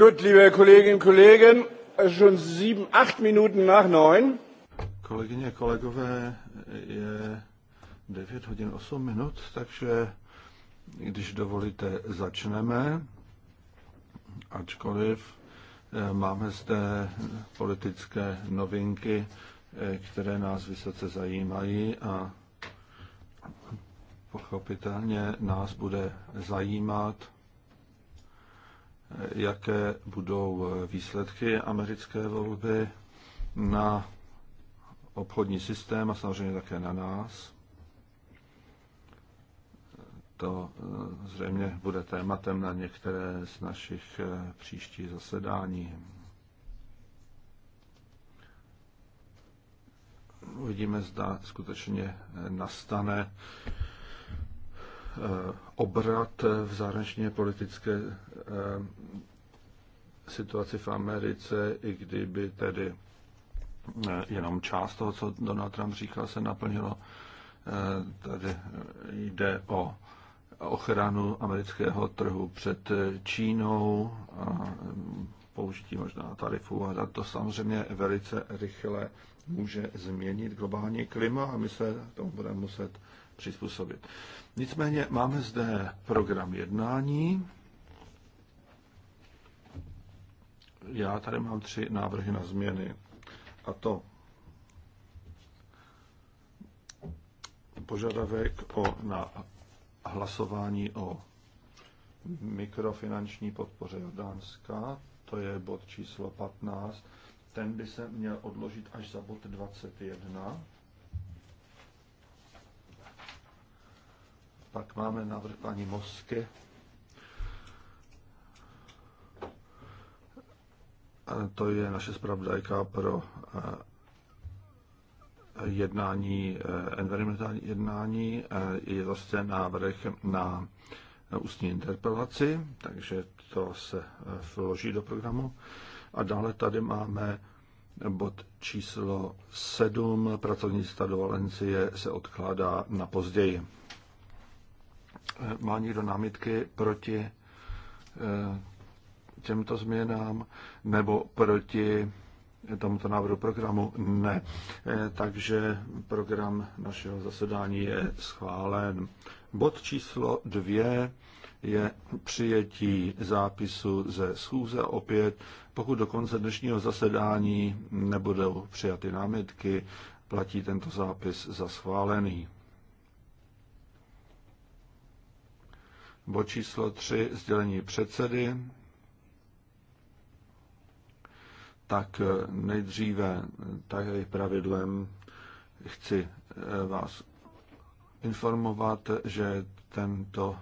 Gut, liebe Kolleginnen und Kollegen, schon sieben, acht Minuten nach neun. Kolegyně, kolegové, je 9 hodin 8 minut, takže když dovolíte, začneme. Ačkoliv eh, máme zde politické novinky, eh, které nás vysoce zajímají a pochopitelně nás bude zajímat jaké budou výsledky americké volby na obchodní systém a samozřejmě také na nás. To eh, zřejmě bude tématem na některé z našich eh, příštích zasedání. Uvidíme, zda skutečně eh, nastane Eh, obrat v zahraničně politické eh, situaci v Americe, i kdyby tedy eh, jenom část toho, co Donald Trump říkal, se naplnilo. Tady jde o ochranu amerického trhu před Čínou a použití možná tarifů a to samozřejmě velice rychle může změnit globální klima a my se tomu budeme muset přizpůsobit. Nicméně máme zde program jednání. Já tady mám tři návrhy na změny. A to požadavek o, na hlasování o mikrofinanční podpoře Jordánska, to je bod číslo 15, ten by se měl odložit až za bod 21. Pak máme návrh paní Mosky. To je naše zpravodajka pro eh, jednání, eh, environmentální jednání. Eh, je zase návrh na ústní interpelaci, takže to se vloží do programu. A dále tady máme bod číslo 7, pracovní dovolenci se odkládá na později. Má někdo námitky proti eh, těmto změnám nebo proti eh, tomuto návrhu programu? Ne. Eh, takže program našeho zasedání je schválen. Bod číslo dvě je přijetí zápisu ze schůze. Opět, pokud do konce dnešního zasedání nebudou přijaty námitky, platí tento zápis za schválený. Bod číslo 3, sdělení předsedy. Tak eh, nejdříve, je pravidlem, chci eh, vás informovat, že tento,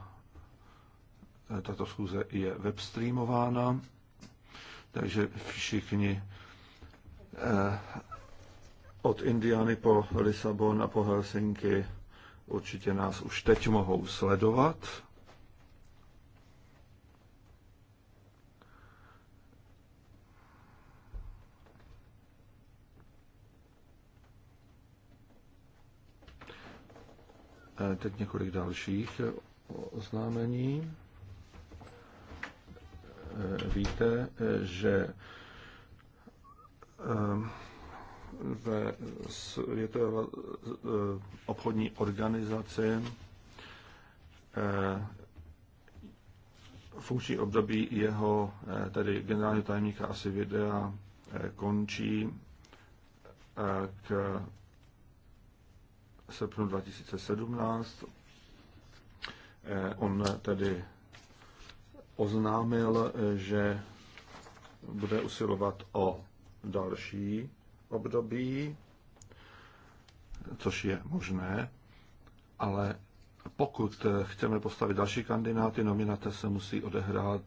eh, tato schůze je webstreamována, takže všichni od Indiany po Lisabon a po Helsinki určitě nás už teď mohou sledovat. Eh, teď několik dalších eh, oznámení. Eh, víte, že je ehm, to obchodní organizace. funkční období jeho tedy generálního tajemníka asi videa končí k srpnu 2017. Eh, on tedy oznámil, eh, že bude usilovat o další období, což je možné, ale pokud eh, chceme postavit další kandidáty, nominace se musí odehrát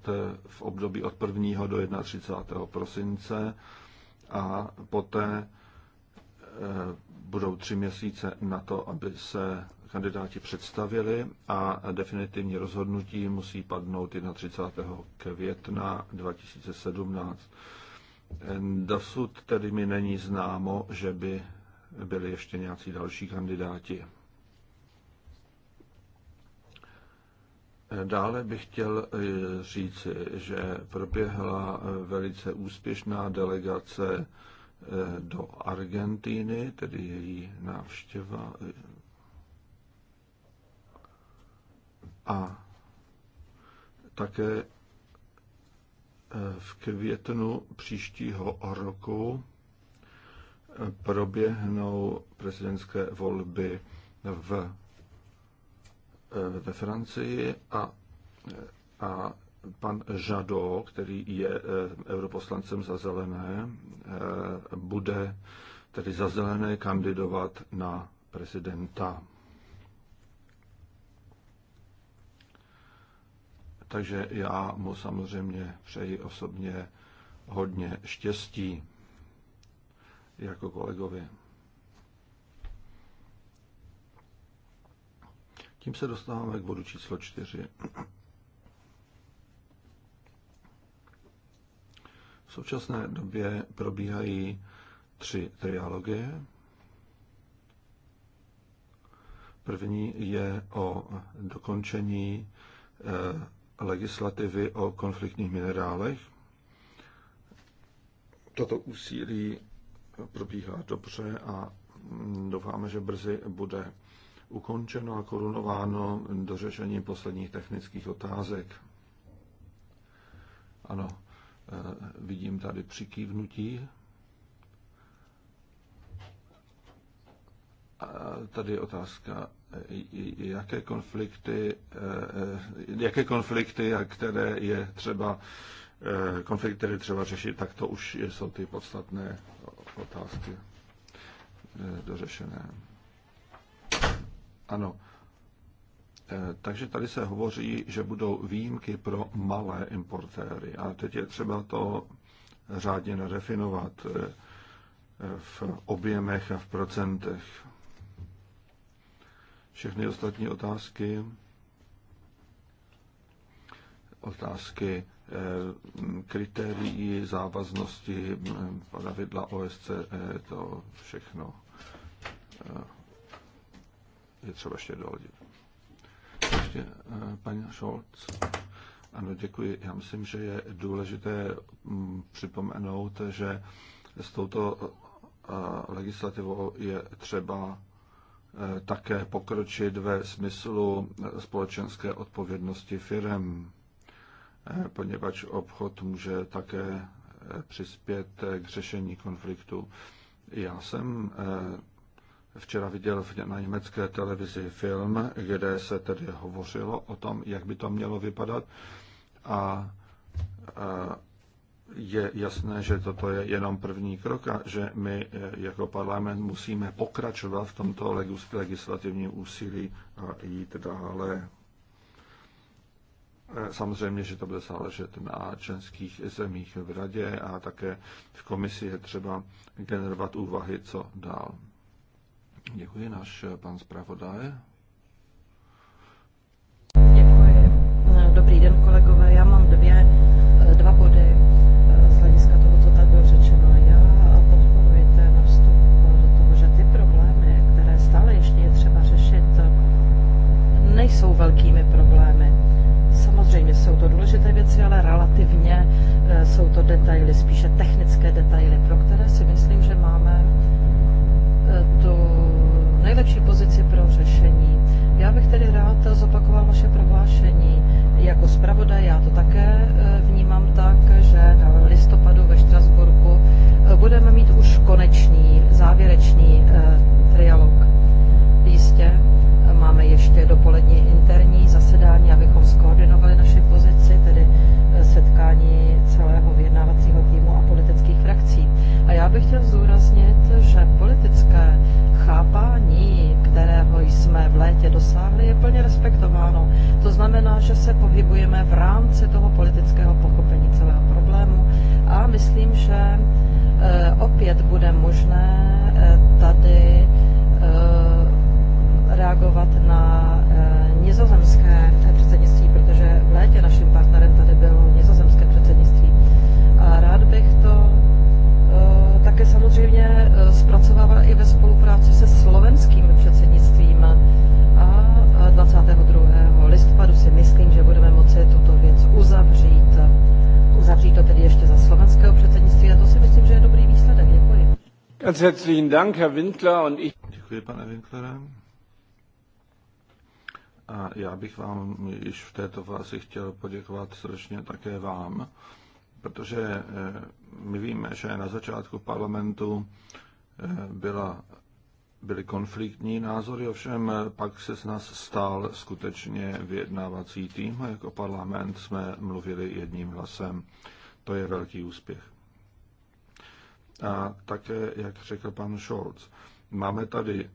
v období od 1. do 31. prosince a poté budou tři měsíce na to, aby se kandidáti představili a definitivní rozhodnutí musí padnout 31. května 2017. Dosud tedy mi není známo, že by byli ještě nějací další kandidáti. Dále bych chtěl eh, říci, že proběhla eh, velice úspěšná delegace Eh, do Argentiny tedy její návštěva. Eh, a také eh, v květnu příštího roku proběhnou prezidentské volby v, ve Francii a, a pan Žado, který je eh, europoslancem za zelené, eh, bude tedy za zelené kandidovat na prezidenta. Takže já mu samozřejmě přeji osobně hodně štěstí jako kolegovi. Tím se dostáváme k bodu číslo čtyři. V současné době probíhají tři triálogy. První je o dokončení eh, legislativy o konfliktních minerálech. Toto úsilí probíhá dobře a doufáme, že brzy bude ukončeno a korunováno dořešením posledních technických otázek. Ano, Eh, vidím tady přikývnutí. A tady je otázka, eh, jaké konflikty, eh, jaké konflikty, a které je třeba, konflikty, které třeba řešit, tak to už jsou ty podstatné otázky dořešené. Ano. Eh, takže tady se hovoří, že budou výjimky pro malé importéry. A teď je třeba to řádně nadefinovat eh, v objemech a v procentech. Všechny ostatní otázky, otázky eh, kritérií závaznosti, pravidla OSCE, to všechno je třeba ještě dohodit ještě eh, paní Scholz. Ano, děkuji. Já myslím, že je důležité mm, připomenout, že s touto eh, legislativou je třeba eh, také pokročit ve smyslu společenské odpovědnosti firm, poněvadž obchod může také přispět k řešení konfliktu. Já jsem včera viděl na německé televizi film, kde se tedy hovořilo o tom, jak by to mělo vypadat. A, je jasné, že toto je jenom první krok a že my e, jako parlament musíme pokračovat v tomto legislativním úsilí a jít dále. E, samozřejmě, že to bude záležet na členských zemích v radě a také v komisi je třeba generovat úvahy, co dál. Děkuji, náš eh, pan zpravodaj. Děkuji. Eh, dobrý den, kolegové. Já mám dvě, eh, dva body z hlediska toho, co tady bylo řečeno. Já podporuji ten vstup do toho, že ty problémy, které stále ještě je třeba řešit, nejsou velkými problémy. Samozřejmě jsou to důležité věci, ale relativně jsou to detaily, spíše technické detaily, pro které si myslím, nejlepší pozici pro řešení. Já bych tedy rád zopakoval vaše prohlášení. Jako zpravodaj já to také eh, vnímám tak, že na listopadu ve Štrasburku eh, budeme mít už konečný, závěrečný eh, trialog. Jistě máme ještě dopolední interní zasedání, abychom skoordinovali naši pozici, tedy setkání celé bych chtěl zúraznit, že politické chápání, kterého jsme v létě dosáhli, je plně respektováno. To znamená, že se pohybujeme v rámci toho politického pochopení celého problému a myslím, že eh, opět bude možné eh, tady eh, reagovat na nizozemské předsednictví, protože v létě naším partnerem tady bylo nizozemské předsednictví. A rád bych to také samozřejmě eh, zpracovává i ve spolupráci se slovenským předsednictvím. A 22. Eh, listopadu si myslím, že budeme moci tuto věc uzavřít. Uzavřít to tedy ještě za slovenského předsednictví a to si myslím, že je dobrý výsledek. Děkuji. Ganz herzlichen Dank, Herr und ich. Děkuji, pane Winklere. A já bych vám již v této fázi chtěl poděkovat srdečně také vám, protože eh, my víme, že na začátku parlamentu eh, byla, byly konfliktní názory, ovšem eh, pak se z nás stál skutečně vyjednávací tým a jako parlament jsme mluvili jedním hlasem. To je velký úspěch. A také, jak řekl pan Scholz, máme tady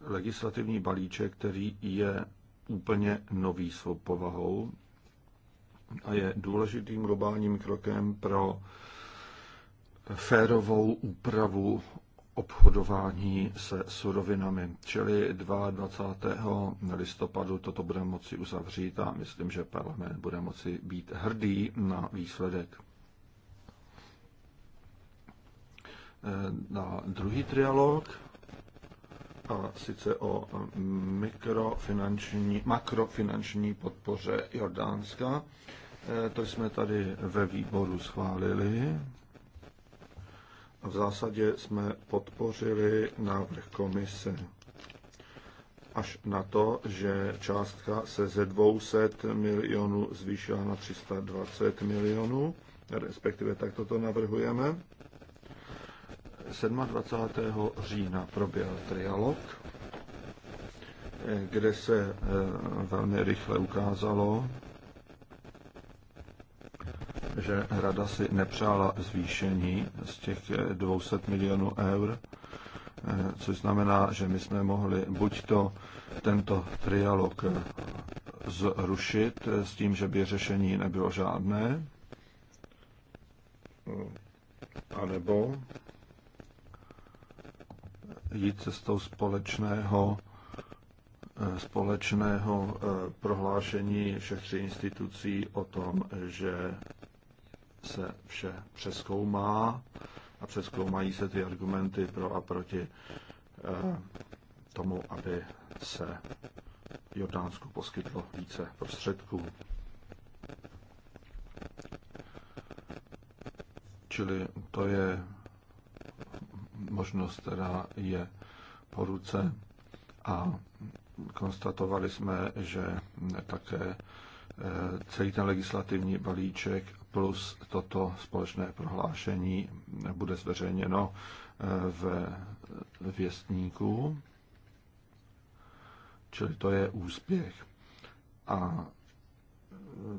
legislativní balíček, který je úplně nový svou povahou a je důležitým globálním krokem pro férovou úpravu obchodování se surovinami. Čili 22. listopadu toto bude moci uzavřít a myslím, že parlament bude moci být hrdý na výsledek. Na druhý trialog a sice o mikrofinanční, makrofinanční podpoře Jordánska. To jsme tady ve výboru schválili v zásadě jsme podpořili návrh komise. Až na to, že částka se ze 200 milionů zvýšila na 320 milionů, respektive tak toto navrhujeme. 27. října proběhl trialog, eh, kde se eh, velmi rychle ukázalo, že rada si nepřála zvýšení z těch 200 milionů eur, eh, což znamená, že my jsme mohli buď to tento trialog eh, zrušit eh, s tím, že by řešení nebylo žádné, anebo jít cestou společného společného prohlášení všech tří institucí o tom, že se vše přeskoumá a přeskoumají se ty argumenty pro a proti eh, tomu, aby se Jordánsku poskytlo více prostředků. Čili to je možnost, která je po ruce a konstatovali jsme, že také eh, celý ten legislativní balíček plus toto společné prohlášení bude zveřejněno eh, v věstníku, čili to je úspěch. A eh,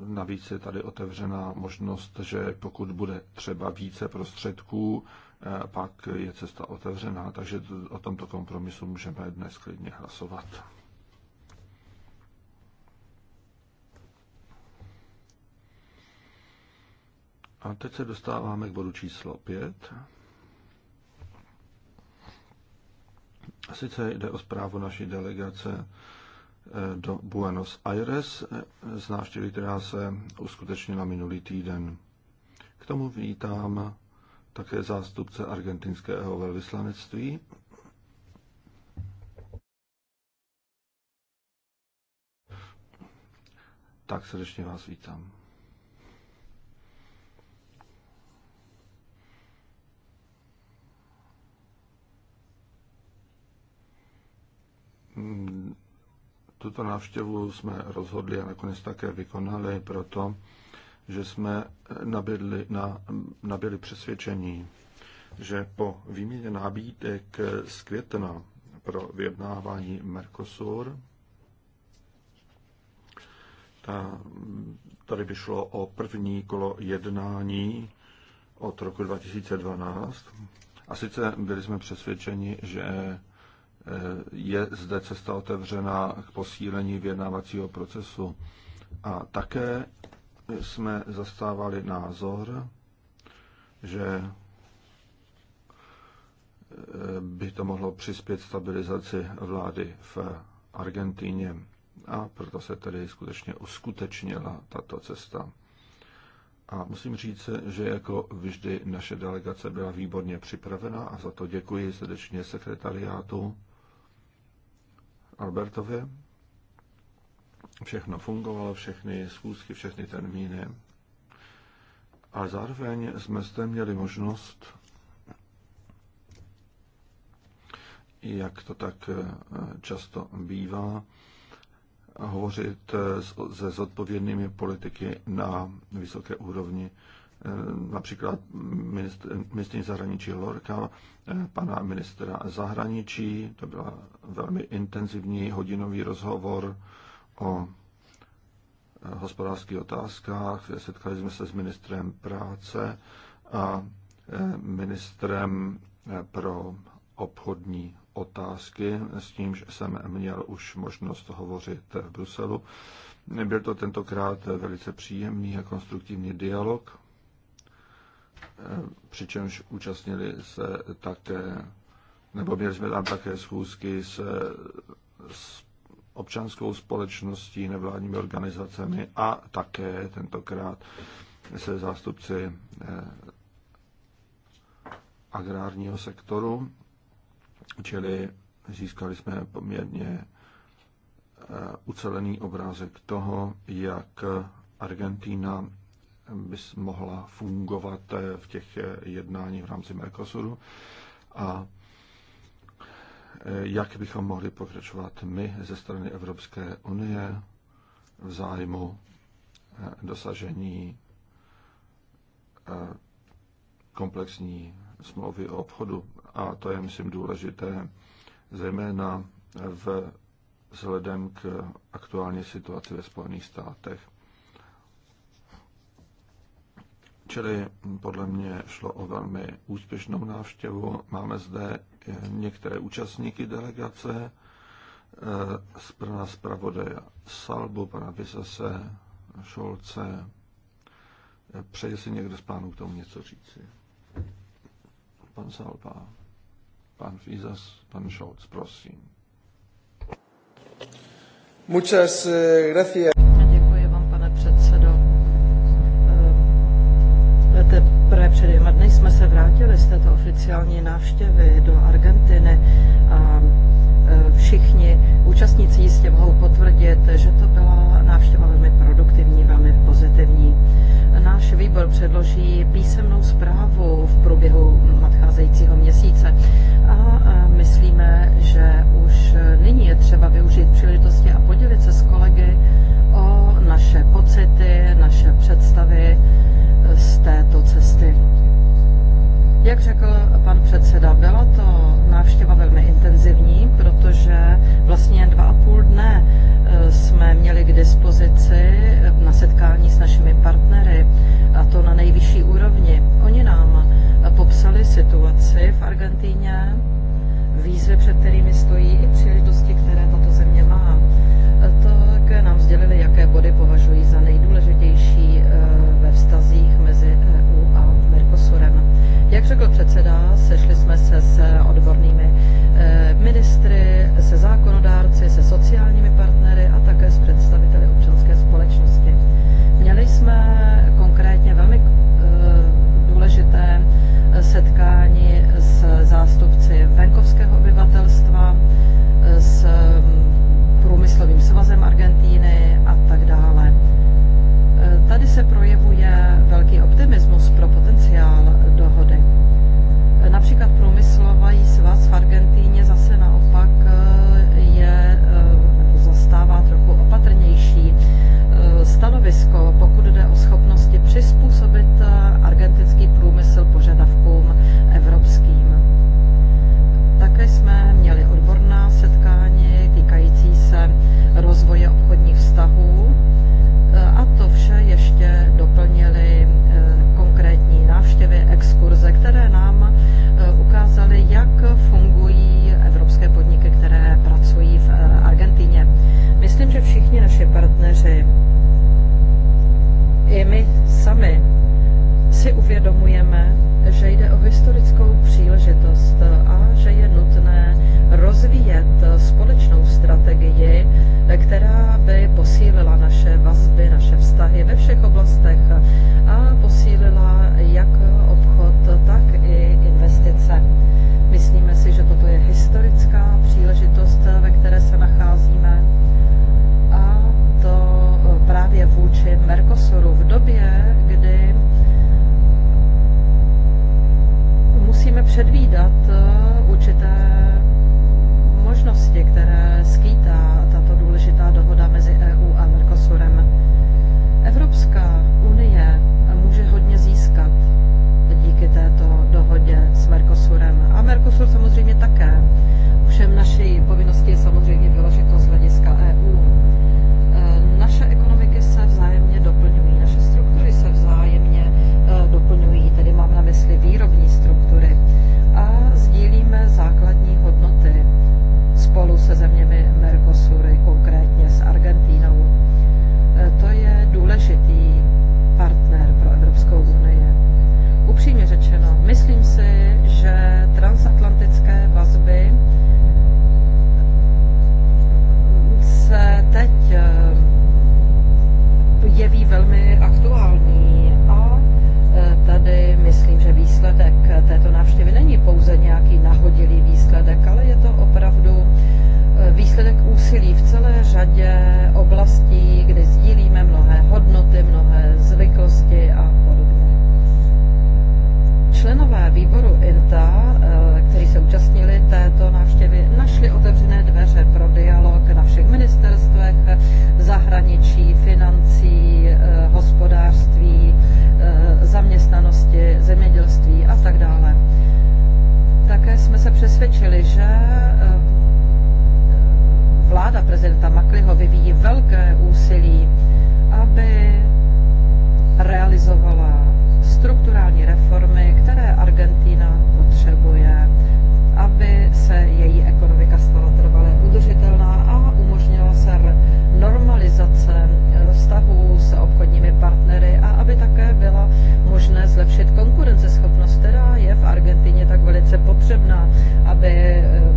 navíc je tady otevřená možnost, že pokud bude třeba více prostředků, eh, pak je cesta otevřená, takže o tomto kompromisu můžeme dnes klidně hlasovat. A teď se dostáváme k bodu číslo 5. Sice jde o zprávu naší delegace eh, do Buenos Aires eh, z návštěvy, která se uskutečnila minulý týden. K tomu vítám také zástupce argentinského velvyslanectví. Tak srdečně vás vítám. Mm, tuto návštěvu jsme rozhodli a nakonec také vykonali proto, že jsme nabídli, na, nabili přesvědčení, že po výměně nabídek z května pro vyjednávání Mercosur, ta, tady by šlo o první kolo jednání od roku 2012. A sice byli jsme přesvědčeni, že je zde cesta otevřena k posílení vyjednávacího procesu. A také jsme zastávali názor, že eh, by to mohlo přispět stabilizaci vlády v Argentíně. A proto se tedy skutečně uskutečnila tato cesta. A musím říct, že jako vždy naše delegace byla výborně připravena a za to děkuji srdečně sekretariátu Albertově. Všechno fungovalo, všechny schůzky, všechny termíny. A zároveň jsme zde měli možnost, jak to tak eh, často bývá, hovořit eh, se zodpovědnými politiky na vysoké úrovni Eh, například ministrní zahraničí Lorka, eh, pana ministra zahraničí. To byl velmi intenzivní hodinový rozhovor o eh, hospodářských otázkách. Setkali jsme se s ministrem práce a ministrem pro obchodní otázky, s tímž jsem měl už možnost hovořit v Bruselu. Byl to tentokrát velice příjemný a konstruktivní dialog Eh, přičemž účastnili se také, nebo měli jsme tam také schůzky se, s občanskou společností, nevládními organizacemi a také tentokrát se zástupci eh, agrárního sektoru, čili získali jsme poměrně eh, ucelený obrázek toho, jak Argentína bys mohla fungovat eh, v těch eh, jednáních v rámci Mercosuru a eh, jak bychom mohli pokračovat my ze strany Evropské unie v zájmu dosažení komplexní smlouvy o obchodu. A to je, myslím, důležité, zejména v, vzhledem k aktuální situaci ve Spojených státech. Čili podle mě šlo o velmi úspěšnou návštěvu. Máme zde některé účastníky delegace, eh, pana zpravodaje Salbu, pana Vysase, Šolce. Přeje si někdo z pánů k tomu něco říci? Pan Salba, pan Vysas, pan Šolc, prosím. Muchas eh, gracias. oficiální návštěvy do Argentiny a e, všichni účastníci jistě mohou potvrdit, že to byla návštěva velmi produktivní, velmi pozitivní. Náš výbor předloží písemnou zprávu v průběhu nadcházejícího měsíce a e, myslíme, že už nyní je třeba využít příležitosti a podělit se s kolegy o naše pocity, naše představy z této cesty. Jak řekl pan předseda, byla to návštěva velmi intenzivní, protože vlastně dva a půl dne eh, jsme měli k dispozici eh, na setkání s našimi partnery, a to na nejvyšší úrovni. Oni nám eh, popsali situaci v Argentíně, výzvy, před kterými stojí i příležitosti, které tato země má. Také nám sdělili, jaké body považují za nejdůležitější ve vztazích jak řekl předseda, sešli jsme se s eh, odbornými eh, ministry, se zákonodárci, se sociálními partnery a také s představiteli občanské společnosti. Měli jsme poslanci, i my sami si uvědomujeme, že jde o historickou příležitost a že je nutné rozvíjet společnou strategii, která by posílila naše vazby, naše vztahy ve všech oblastech a posílila jak obchod, tak i investice. Myslíme si, že toto je historická příležitost, ve které se nachází. vůči Mercosuru v době, kdy musíme předvídat eh, určité možnosti, které skýtá tato důležitá dohoda mezi EU a Mercosurem. úsilí v celé řadě oblastí, kdy sdílíme mnohé hodnoty, mnohé zvyklosti a podobně. Členové výboru INTA, eh, kteří se účastnili této návštěvy, našli otevřené dveře pro dialog na všech ministerstvech zahraničí, financí, eh, hospodářství, eh, zaměstnanosti, zemědělství a tak dále. Také jsme se přesvědčili, že vláda prezidenta Makliho vyvíjí velké úsilí, aby realizovala strukturální reformy, které Argentina potřebuje, aby se její ekonomika stala trvale udržitelná a umožnila se normalizace vztahů s obchodními partnery a aby také byla možné zlepšit konkurenceschopnost, která je v Argentině tak velice potřebná, aby eh,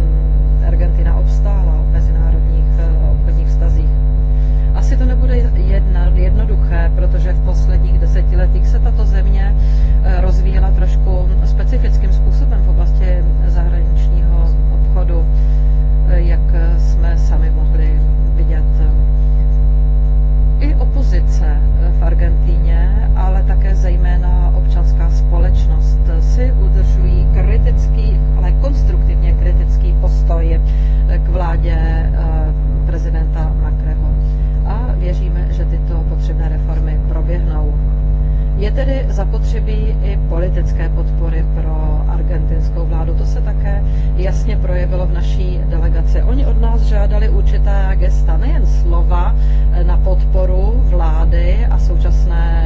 tedy zapotřebí i politické podpory pro argentinskou vládu. To se také jasně projevilo v naší delegaci. Oni od nás žádali určitá gesta, nejen slova eh, na podporu vlády a současné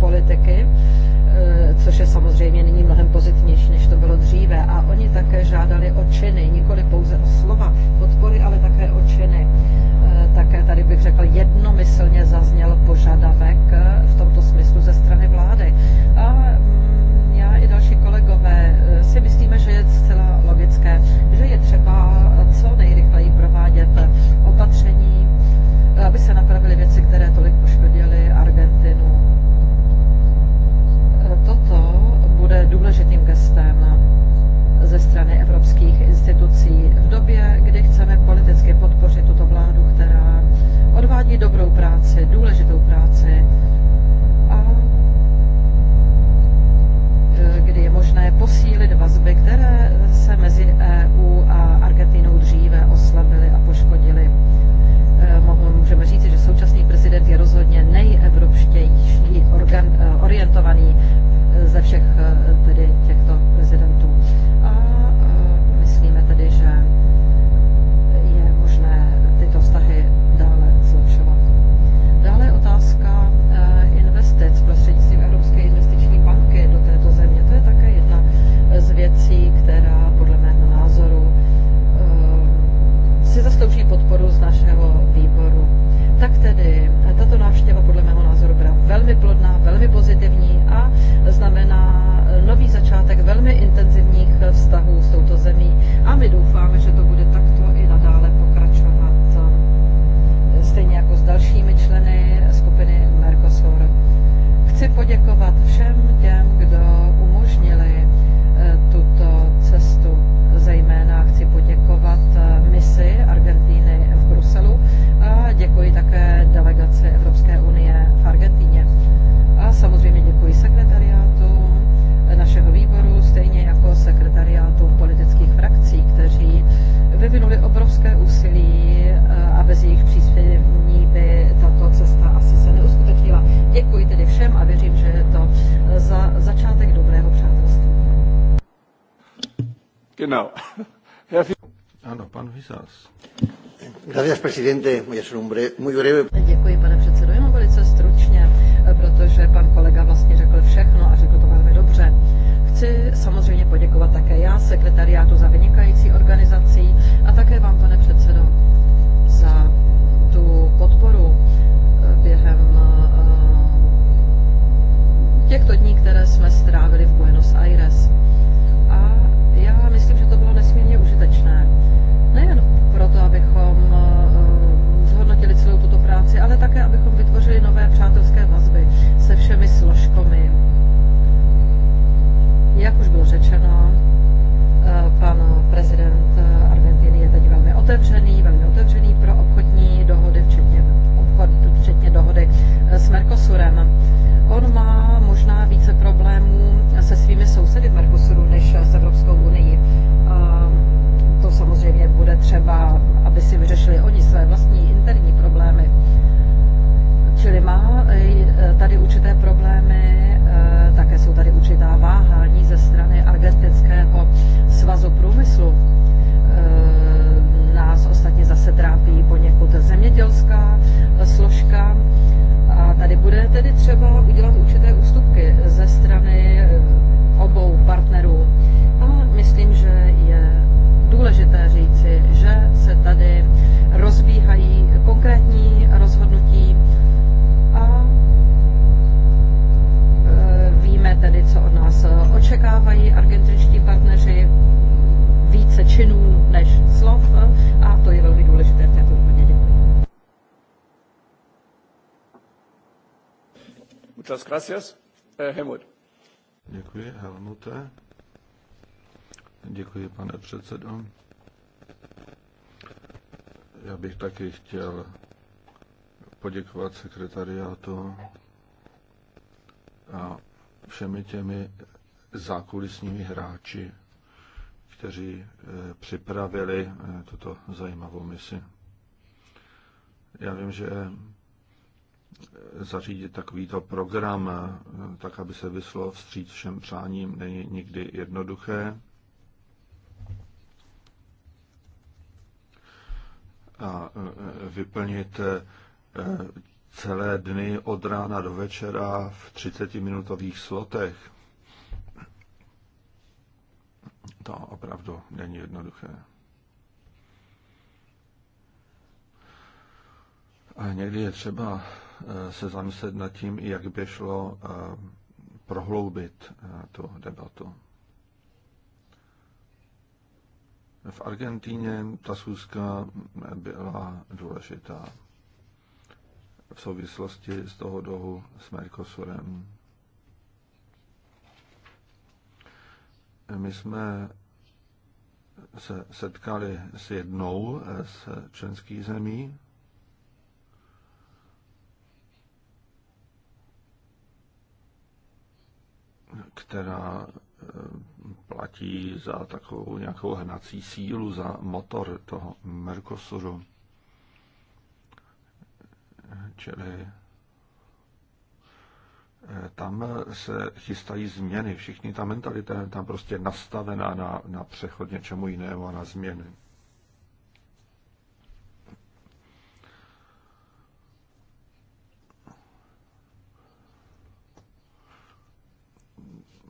politiky, E, což je samozřejmě nyní mnohem pozitivnější, než to bylo dříve. A oni také žádali o činy, nikoli pouze o slova podpory, ale také o činy. E, také tady bych řekl, jednomyslně zazněl požadavek e, v tomto smyslu ze strany vlády. A mm, já i další kolegové si myslíme, že je zcela logické, že je třeba co nejrychleji provádět opatření, aby se napravily věci, které evropských institucí. V době, kdy chceme politicky podpořit tuto vládu, která odvádí dobrou práci, důležitou práci a e, kdy je možné posílit vazby, které se mezi EU a Argentinou dříve oslabily a poškodily. E, můžeme říci, že současný prezident je rozhodně nejevropštější e, orientovaný ze všech tedy pozitivní a znamená eh, nový začátek velmi intenzivních eh, vztahů s touto zemí a my doufáme, že to bude takto i nadále pokračovat, eh, stejně jako s dalšími členy skupiny Mercosur. Chci poděkovat všem těm, kdo obrovské úsilí eh, a bez jejich příspění by tato cesta asi se neuskutečnila. Děkuji tedy všem a věřím, že je to eh, za začátek dobrého přátelství. Genau. Ano, pan Vizas. Gracias, presidente. Voy a ser muy breve. Děkuji, pane předsedo. Jenom velice stručně, eh, protože pan kolega vlastně řekl všechno a řekl to velmi dobře. Chci samozřejmě poděkovat také já sekretariátu za vynikající organizaci a také vám, pane předsedo, třeba, aby si vyřešili oni své vlastní interní problémy. Čili má eh, tady určité problémy, eh, také jsou tady určitá váhání ze strany argentinského svazu průmyslu. Eh, nás ostatně zase trápí poněkud zemědělská složka. A tady bude tedy třeba udělat určité ústupky ze strany obou partnerů. A myslím, že je důležité říci, rozvíhají konkrétní rozhodnutí a e, víme tedy, co od nás očekávají argentinští partneři, více činů než slov a to je velmi důležité v této úplně děkuji. Muchas gracias. Eh, Helmut. Děkuji, Helmute. Děkuji, pane předsedo. Já bych taky chtěl poděkovat sekretariátu a všemi těmi zákulisními hráči, kteří eh, připravili eh, tuto zajímavou misi. Já vím, že eh, zařídit takovýto program, tak aby se vyslo vstříc všem přáním, není nikdy jednoduché. a e, vyplnit e, celé dny od rána do večera v 30-minutových slotech. To opravdu není jednoduché. A někdy je třeba e, se zamyslet nad tím, jak by šlo prohloubit tu debatu. V Argentíně ta schůzka byla důležitá v souvislosti s toho dohu s Mercosurem. My jsme se setkali s jednou z členských zemí, která eh, platí za takovou nějakou hnací sílu, za motor toho Mercosuru. Čili eh, tam se chystají změny, všichni ta mentalita je tam prostě nastavená na, na přechod něčemu jinému a na změny.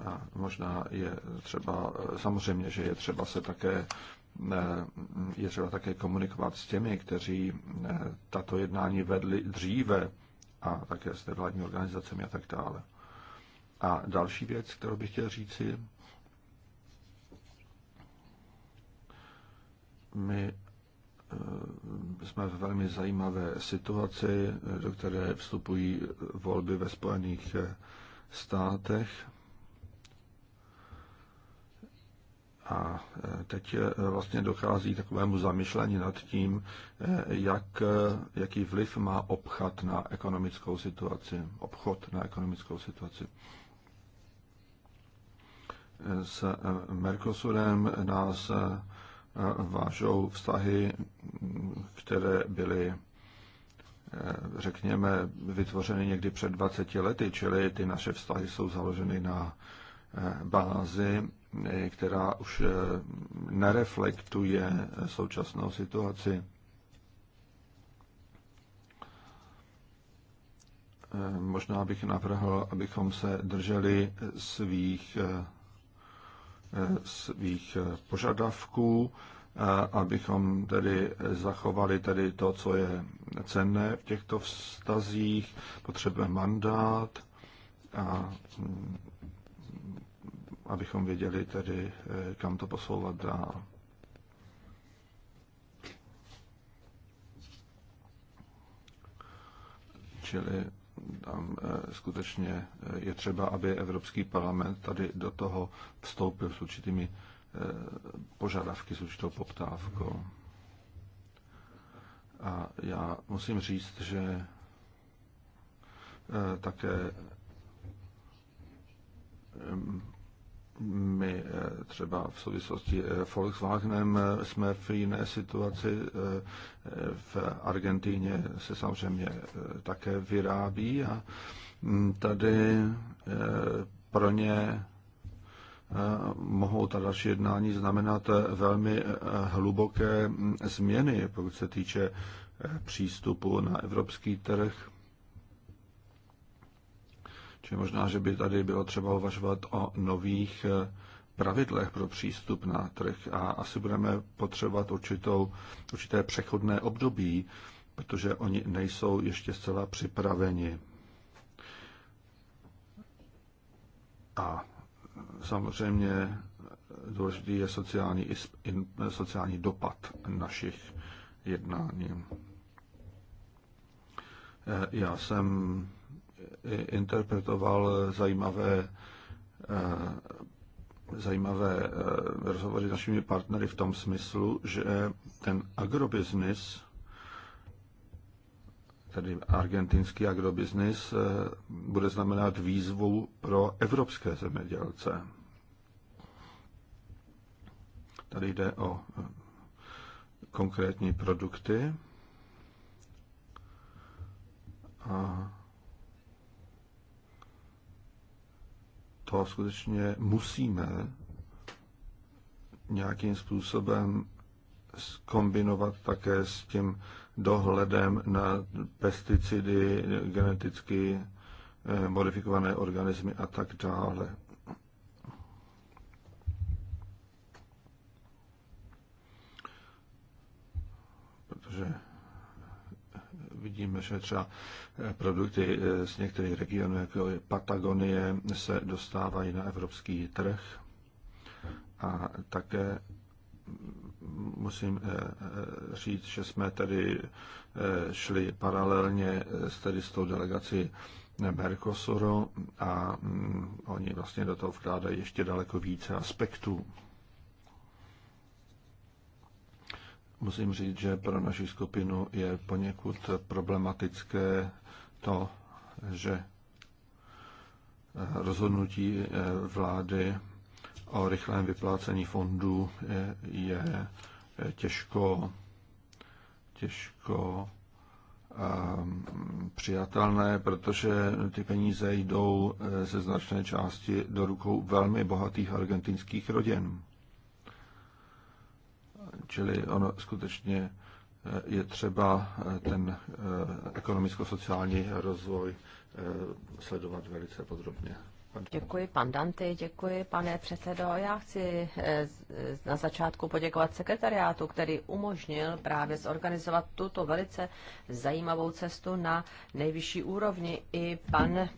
A možná je třeba, samozřejmě, že je třeba se také je třeba také komunikovat s těmi, kteří tato jednání vedli dříve a také s nevládními organizacemi a tak dále. A další věc, kterou bych chtěl říci, my eh, jsme v velmi zajímavé situaci, do které vstupují volby ve Spojených eh, státech. A e, teď e, vlastně dochází takovému zamyšlení nad tím, e, jak, jaký vliv má obchod na ekonomickou situaci. Obchod na ekonomickou situaci. S Mercosurem nás vážou vztahy, které byly řekněme, vytvořeny někdy před 20 lety, čili ty naše vztahy jsou založeny na bázi která už eh, nereflektuje současnou situaci. Eh, možná bych navrhl, abychom se drželi svých, eh, svých požadavků, abychom tedy zachovali tedy to, co je cenné v těchto vztazích. Potřebujeme mandát a mm, abychom věděli tedy, eh, kam to posouvat dál. Čili tam eh, skutečně eh, je třeba, aby Evropský parlament tady do toho vstoupil s určitými požadavky, s určitou poptávkou. A já musím říct, že také my eh, třeba v souvislosti eh, Volkswagenem eh, jsme v jiné situaci. V Argentíně se samozřejmě také vyrábí a hm, tady pro ně mohou ta další jednání znamenat velmi hluboké hm, změny, pokud se týče přístupu na evropský trh Čili možná, že by tady bylo třeba uvažovat o nových eh, pravidlech pro přístup na trh a asi budeme potřebovat určitou, určité přechodné období, protože oni nejsou ještě zcela připraveni. A samozřejmě eh, důležitý je sociální, eh, sociální dopad našich jednání. Já jsem interpretoval zajímavé, eh, zajímavé eh, rozhovory s našimi partnery v tom smyslu, že ten agrobiznis, tedy argentinský agrobiznis, eh, bude znamenat výzvu pro evropské zemědělce. Tady jde o konkrétní produkty. to skutečně musíme nějakým způsobem kombinovat také s tím dohledem na pesticidy, geneticky eh, modifikované organismy a tak dále. Protože vidíme, že třeba eh, produkty eh, z některých regionů, jako je Patagonie, se dostávají na evropský trh. A také mm, musím eh, říct, že jsme tady šli paralelně s, tedy s tou delegací Mercosuru a mm, oni vlastně do toho vkládají ještě daleko více aspektů. Musím říct, že pro naši skupinu je poněkud problematické to, že eh, rozhodnutí eh, vlády o rychlém vyplácení fondů eh, je těžko, těžko ehm, přijatelné, protože ty peníze jdou ze značné části do rukou velmi bohatých argentinských rodin. Čili ono skutečně eh, je třeba eh, ten eh, ekonomicko-sociální rozvoj sledovat velice podrobně. Děkuji, pan Danty, děkuji, pane předsedo. Já chci eh, na začátku poděkovat sekretariátu, který umožnil právě zorganizovat tuto velice zajímavou cestu na nejvyšší úrovni. I pan eh,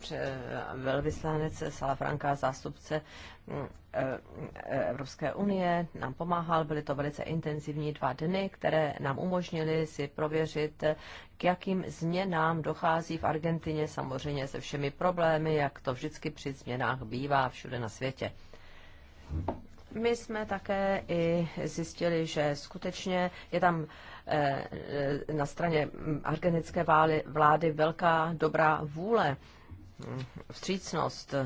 velvyslanec Salafranka, zástupce mm, eh, Evropské unie, nám pomáhal. Byly to velice intenzivní dva dny, které nám umožnili si prověřit, k jakým změnám dochází v Argentině, samozřejmě se všemi problémy, jak to vždycky při změně změnách bývá všude na světě. My jsme také i zjistili, že skutečně je tam eh, eh, na straně argentinské vlády velká dobrá vůle vstřícnost, eh,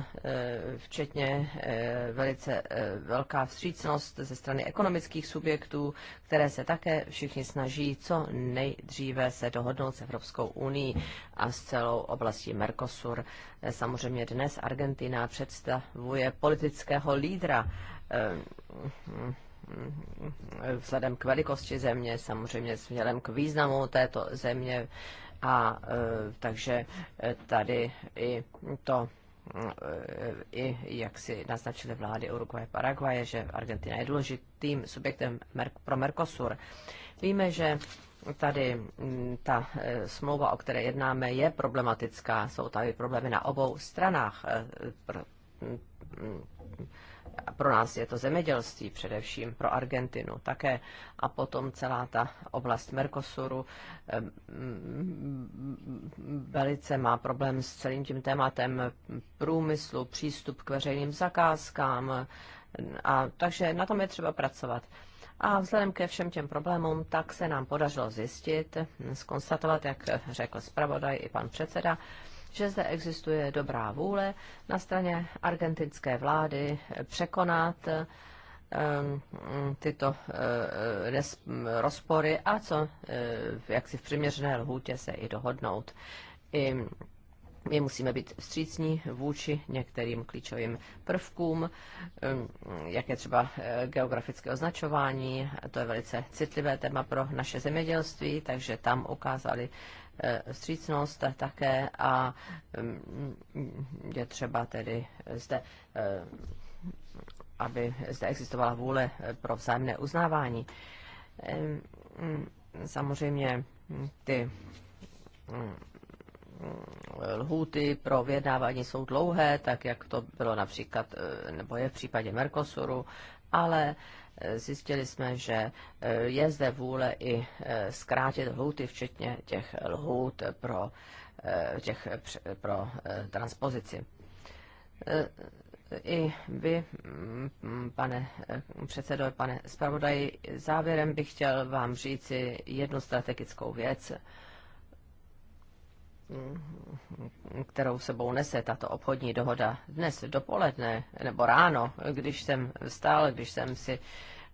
včetně eh, velice eh, velká vstřícnost ze strany ekonomických subjektů, které se také všichni snaží co nejdříve se dohodnout s Evropskou unii a s celou oblastí Mercosur. Samozřejmě dnes Argentina představuje politického lídra vzhledem k velikosti země, samozřejmě vzhledem k významu této země a e, takže e, tady i to e, i jak si naznačili vlády Uruguay a Paraguaje, že Argentina je důležitým subjektem pro Mercosur. Víme, že tady ta smlouva, o které jednáme, je problematická. Jsou tady problémy na obou stranách pro nás je to zemědělství především, pro Argentinu také a potom celá ta oblast Mercosuru mm, velice má problém s celým tím tématem průmyslu, přístup k veřejným zakázkám, a, takže na tom je třeba pracovat. A vzhledem ke všem těm problémům, tak se nám podařilo zjistit, skonstatovat, jak řekl zpravodaj i pan předseda, že zde existuje dobrá vůle na straně argentinské vlády překonat ehm, tyto eh, rozpory a co eh, jak si v přiměřené lhůtě se i dohodnout. I my musíme být vstřícní vůči některým klíčovým prvkům, ehm, jak je třeba eh, geografické označování, to je velice citlivé téma pro naše zemědělství, takže tam ukázali Eh, vstřícnost také a mm, je třeba tedy zde eh, aby zde existovala vůle pro vzájemné uznávání. Eh, samozřejmě ty mm, lhůty pro vyjednávání jsou dlouhé, tak jak to bylo například, nebo je v případě Mercosuru, ale zjistili jsme, že eh, je zde vůle i eh, zkrátit lhuty, včetně těch lhůt pro, eh, těch, pro transpozici. I vy, mm, pane předsedo, pane zpravodaji, závěrem bych chtěl vám říci jednu strategickou věc kterou sebou nese tato obchodní dohoda dnes dopoledne nebo ráno, když jsem vstal, když jsem si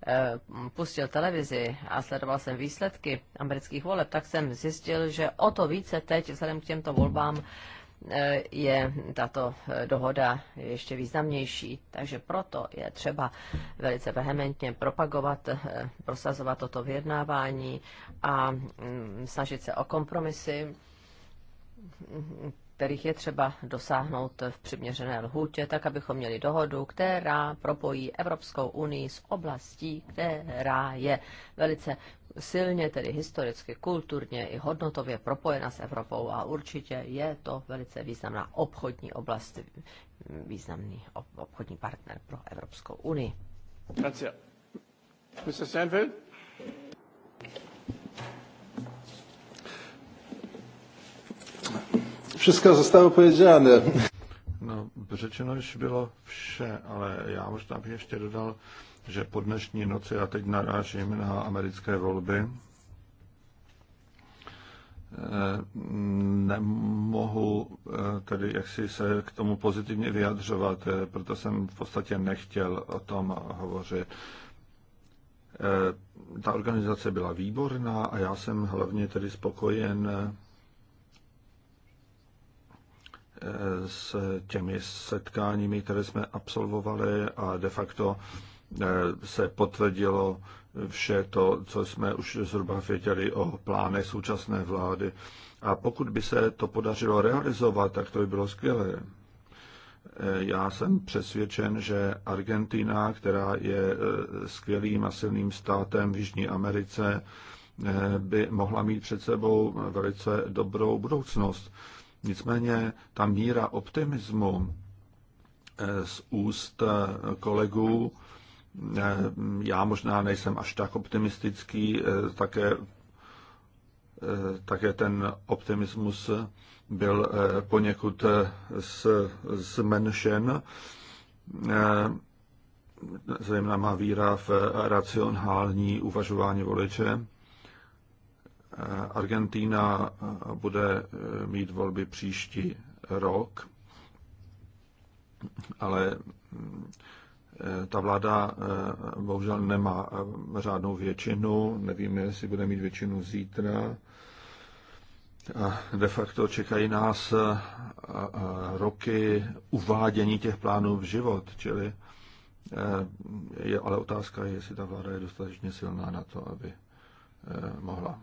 eh, pustil televizi a sledoval jsem výsledky amerických voleb, tak jsem zjistil, že o to více teď vzhledem k těmto volbám eh, je tato eh, dohoda ještě významnější. Takže proto je třeba velice vehementně propagovat, prosazovat toto vyjednávání a mm, snažit se o kompromisy kterých je třeba dosáhnout v přiměřené lhůtě, tak abychom měli dohodu, která propojí Evropskou unii s oblastí, která je velice silně, tedy historicky, kulturně i hodnotově propojena s Evropou a určitě je to velice významná obchodní oblast, významný obchodní partner pro Evropskou unii. Děkuji. Mr. Sandfield? Všechno zostało powiedziane. No, řečeno už bylo vše, ale já možná bych ještě dodal, že po dnešní noci, a teď narážím na americké volby, eh, nemohu eh, tedy jaksi se k tomu pozitivně vyjadřovat, eh, proto jsem v podstatě nechtěl o tom hovořit. Ta organizace byla výborná a já jsem hlavně tedy spokojen s těmi setkáními, které jsme absolvovali a de facto eh, se potvrdilo vše to, co jsme už zhruba věděli o plánech současné vlády. A pokud by se to podařilo realizovat, tak to by bylo skvělé. Eh, já jsem přesvědčen, že Argentina, která je eh, skvělým a silným státem v Jižní Americe, by mohla mít před sebou velice dobrou budoucnost. Nicméně ta míra optimismu eh, z úst eh, kolegů, eh, já možná nejsem až tak optimistický, také, také ten optimismus byl poněkud zmenšen zejména má víra v racionální uvažování voliče. Argentína bude eh, mít volby příští rok, ale eh, ta vláda eh, bohužel nemá řádnou většinu, nevíme, jestli bude mít většinu zítra. A de facto čekají nás roky uvádění těch plánů v život, čili je ale otázka, jestli ta vláda je dostatečně silná na to, aby mohla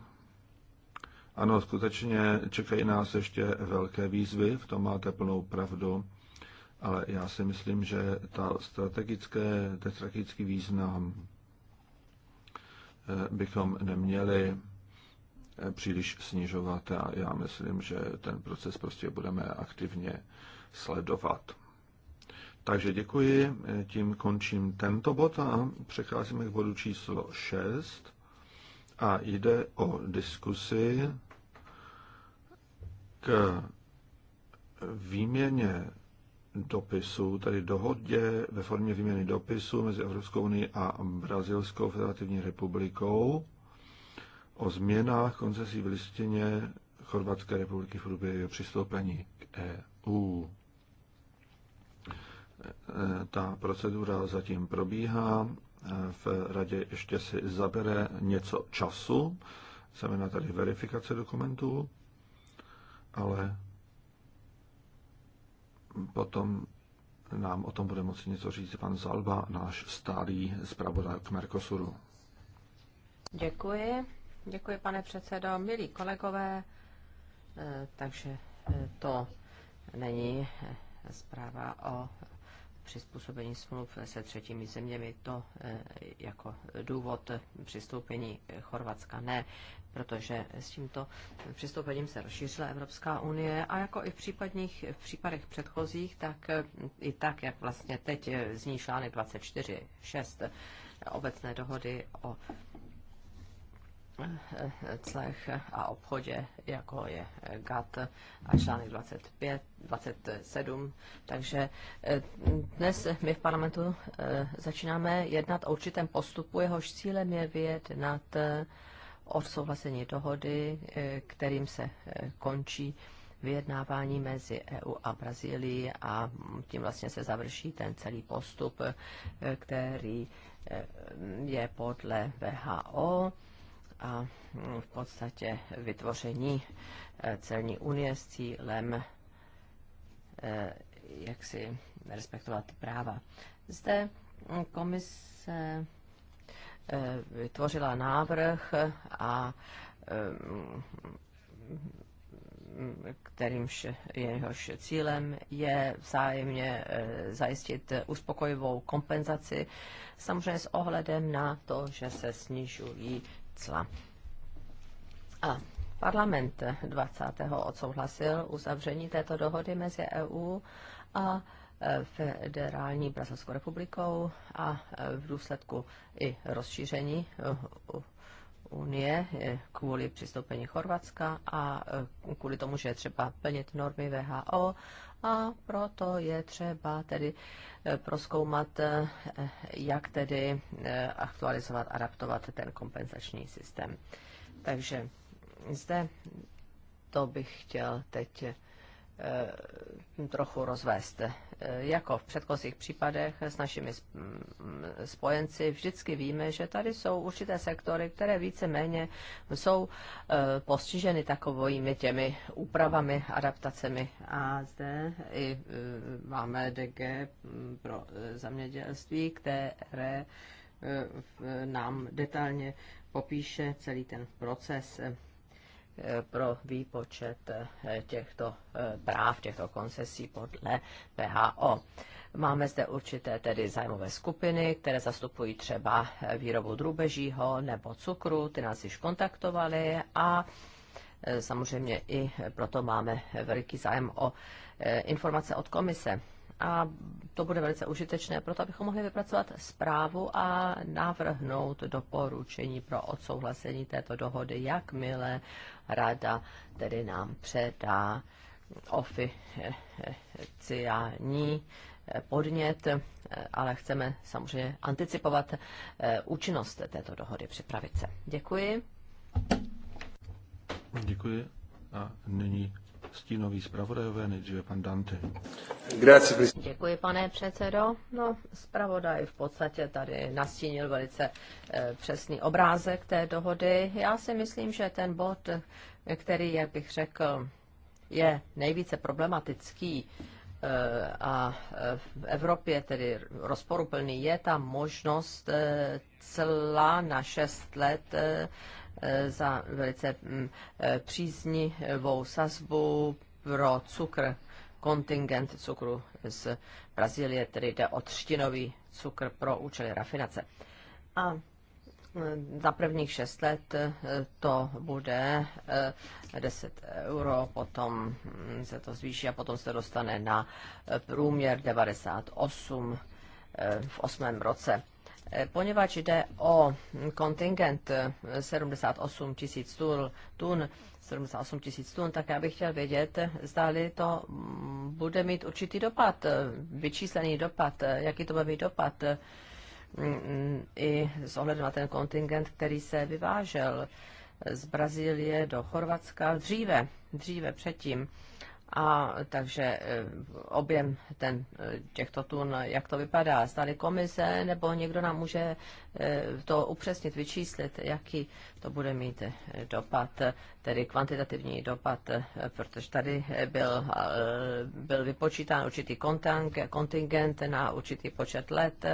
ano, skutečně čekají nás ještě velké výzvy, v tom máte plnou pravdu, ale já si myslím, že ta strategické, ten strategický význam eh, bychom neměli eh, příliš snižovat a já myslím, že ten proces prostě budeme aktivně sledovat. Takže děkuji, eh, tím končím tento bod a přecházíme k bodu číslo 6 a jde o diskusi k výměně dopisů, tedy dohodě ve formě výměny dopisů mezi Evropskou unii a Brazilskou federativní republikou o změnách koncesí v listině Chorvatské republiky v průběhu jeho přistoupení k EU. Ta procedura zatím probíhá. V radě ještě si zabere něco času, znamená tady verifikace dokumentů ale potom nám o tom bude moci něco říct pan Zalba, náš stálý zpravodaj k Mercosuru. Děkuji. Děkuji, pane předsedo. Milí kolegové, eh, takže eh, to není eh, zpráva o přizpůsobení smluv se třetími zeměmi to eh, jako důvod přistoupení Chorvatska. Ne, protože s tímto přistoupením se rozšířila Evropská unie a jako i v, případních, v případech předchozích, tak eh, i tak, jak vlastně teď eh, zní šlány 24.6 obecné dohody o cech a obchodě, jako je GATT a článek 25, 27. Takže eh, dnes my v parlamentu eh, začínáme jednat o určitém postupu, jehož cílem je vyjednat eh, odsouhlasení dohody, kterým se končí vyjednávání mezi EU a Brazílií a tím vlastně se završí ten celý postup, který je podle VHO a v podstatě vytvoření eh, celní unie s cílem eh, jak si respektovat práva. Zde komise eh, vytvořila návrh a kterýmž jehož cílem je vzájemně eh, zajistit uspokojivou kompenzaci, samozřejmě s ohledem na to, že se snižují cla. A parlament 20. odsouhlasil uzavření této dohody mezi EU a eh, Federální Brazilskou republikou a eh, v důsledku i rozšíření unie eh, kvůli přistoupení Chorvatska a eh, kvůli tomu, že je třeba plnit normy VHO a proto je třeba tedy eh, proskoumat, jak tedy aktualizovat, adaptovat ten kompenzační systém. Takže zde to bych chtěl teď Eh, trochu rozvést. Eh, jako v předchozích případech s našimi mm, spojenci vždycky víme, že tady jsou určité sektory, které více-méně jsou eh, postiženy takovými těmi úpravami, adaptacemi. A zde i máme DG pro zamědělství, které nám detailně popíše celý ten proces pro výpočet eh, těchto eh, práv, těchto koncesí podle PHO Máme zde určité tedy zájmové skupiny, které zastupují třeba eh, výrobu drůbežího nebo cukru, ty nás již kontaktovali a samozřejmě i proto máme veliký zájem o informace od komise. A to bude velice užitečné, proto abychom mohli vypracovat zprávu a navrhnout doporučení pro odsouhlasení této dohody, jakmile rada tedy nám předá oficiální eh, podnět, eh, ale chceme samozřejmě anticipovat eh, účinnost této dohody, připravit se. Děkuji. Děkuji. A nyní stínový zpravodajové, nejdříve pan Dante. Děkuji, pane předsedo. No, zpravodaj v podstatě tady nastínil velice eh, přesný obrázek té dohody. Já si myslím, že ten bod, který, jak bych řekl, je nejvíce problematický, eh, a eh, v Evropě tedy rozporuplný je ta možnost celá na šest let Eh, za velice mm, eh, příznivou sazbu pro cukr, kontingent cukru z Brazílie, tedy jde o třtinový cukr pro účely rafinace. A eh, za prvních šest let to bude 10 euro, potom hm, se to zvýší a potom se dostane na průměr 98 v osmém roce. Eh, poněvadž jde o kontingent 78 eh, tisíc tun, 78 tisíc tun, tak já bych chtěl vědět, zdali to mm, bude mít určitý dopad, eh, vyčíslený dopad, jaký to bude mít dopad mm, i s ohledem na ten kontingent, který se vyvážel z Brazílie do Chorvatska dříve, dříve předtím. A takže eh, objem ten, eh, těchto tun, jak to vypadá, zdali komise, nebo někdo nám může eh, to upřesnit, vyčíslit, jaký to bude mít dopad, tedy kvantitativní dopad, protože tady byl, byl vypočítán určitý kontingent na určitý počet let,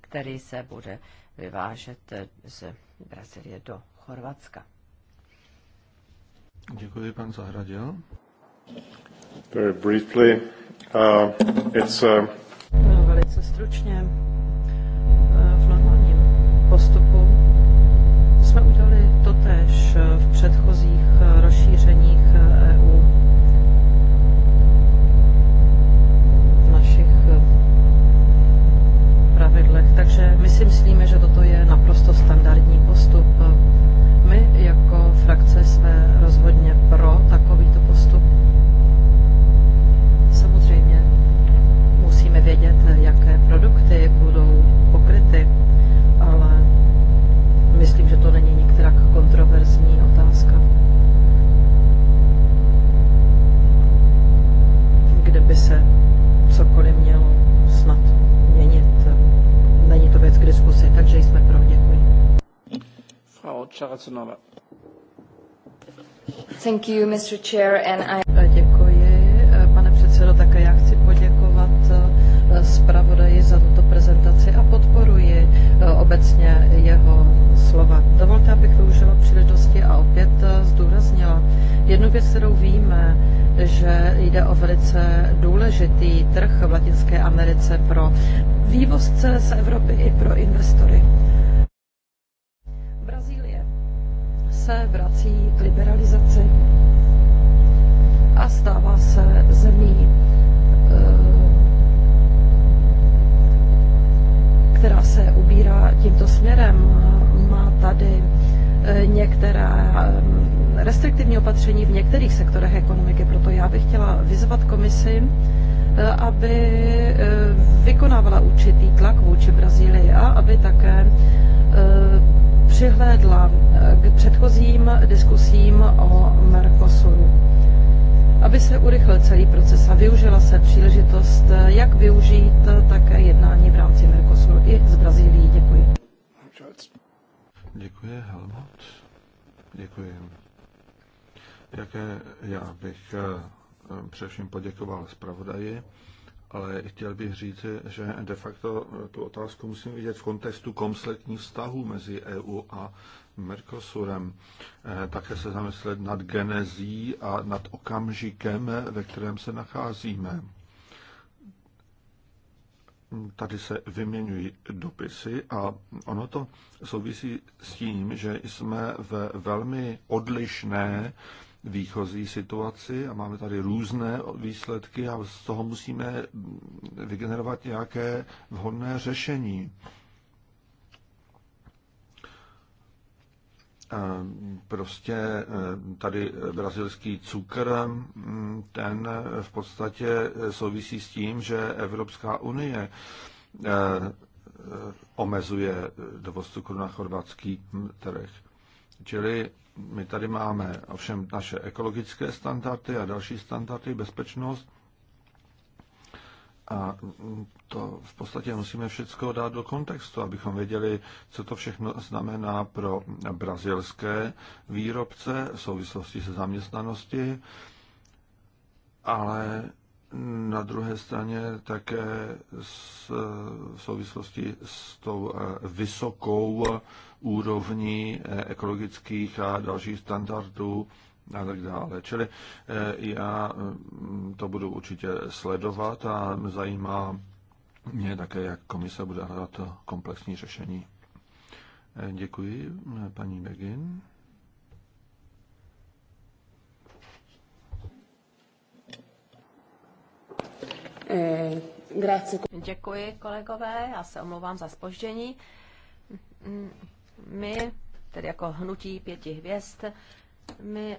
který se bude vyvážet z Brazílie do Chorvatska. Děkuji, pan Zahradil. Very briefly, uh, it's, uh... Velice stručně uh, v normálním postupu jsme udělali totéž uh, v předchozích uh, rozšíření Thank you, Mr. Chair, and I... Eh, děkuji, eh, pane předsedo, také já chci poděkovat eh, zpravodaji za tuto prezentaci a podporuji obecně jeho slova. Dovolte, abych využila příležitosti a opět zdůraznila jednu věc, kterou víme, že jde o velice důležitý trh v Latinské Americe pro vývozce z Evropy i pro investory. se vrací k liberalizaci a stává se zemí, eh, která se ubírá tímto směrem. Má tady eh, některá eh, restriktivní opatření v některých sektorech ekonomiky. Proto já bych chtěla vyzvat komisi, aby vykonávala určitý tlak vůči Brazílii a aby také přihlédla eh, k předchozím diskusím o Mercosuru, aby se urychlil celý proces a využila se příležitost, eh, jak využít eh, také jednání v rámci Mercosuru i z Brazílii. Děkuji. Děkuji, Helmut. Děkuji. Jaké já bych především poděkoval zpravodaji ale chtěl bych říct, že de facto tu otázku musíme vidět v kontextu komplexních vztahů mezi EU a Mercosurem. Eh, také se zamyslet nad genezí a nad okamžikem, ve kterém se nacházíme. Tady se vyměňují dopisy a ono to souvisí s tím, že jsme ve velmi odlišné výchozí situaci a máme tady různé výsledky a z toho musíme vygenerovat nějaké vhodné řešení. Prostě eh, tady brazilský cukr, hm, ten v podstatě souvisí s tím, že Evropská unie eh, omezuje dovoz cukru na chorvatský hm, trh. Čili my tady máme ovšem naše ekologické standardy a další standardy, bezpečnost. A to v podstatě musíme všechno dát do kontextu, abychom věděli, co to všechno znamená pro brazilské výrobce v souvislosti se zaměstnanosti, ale na druhé straně také s, v souvislosti s tou eh, vysokou úrovní eh, ekologických a dalších standardů a tak dále. Čili eh, já mm, to budu určitě sledovat a zajímá mě také, jak komise bude hledat komplexní řešení. Eh, děkuji, paní Begin. Děkuji, kolegové. Já se omlouvám za spoždění. Mm, my, tedy jako hnutí pěti hvězd, my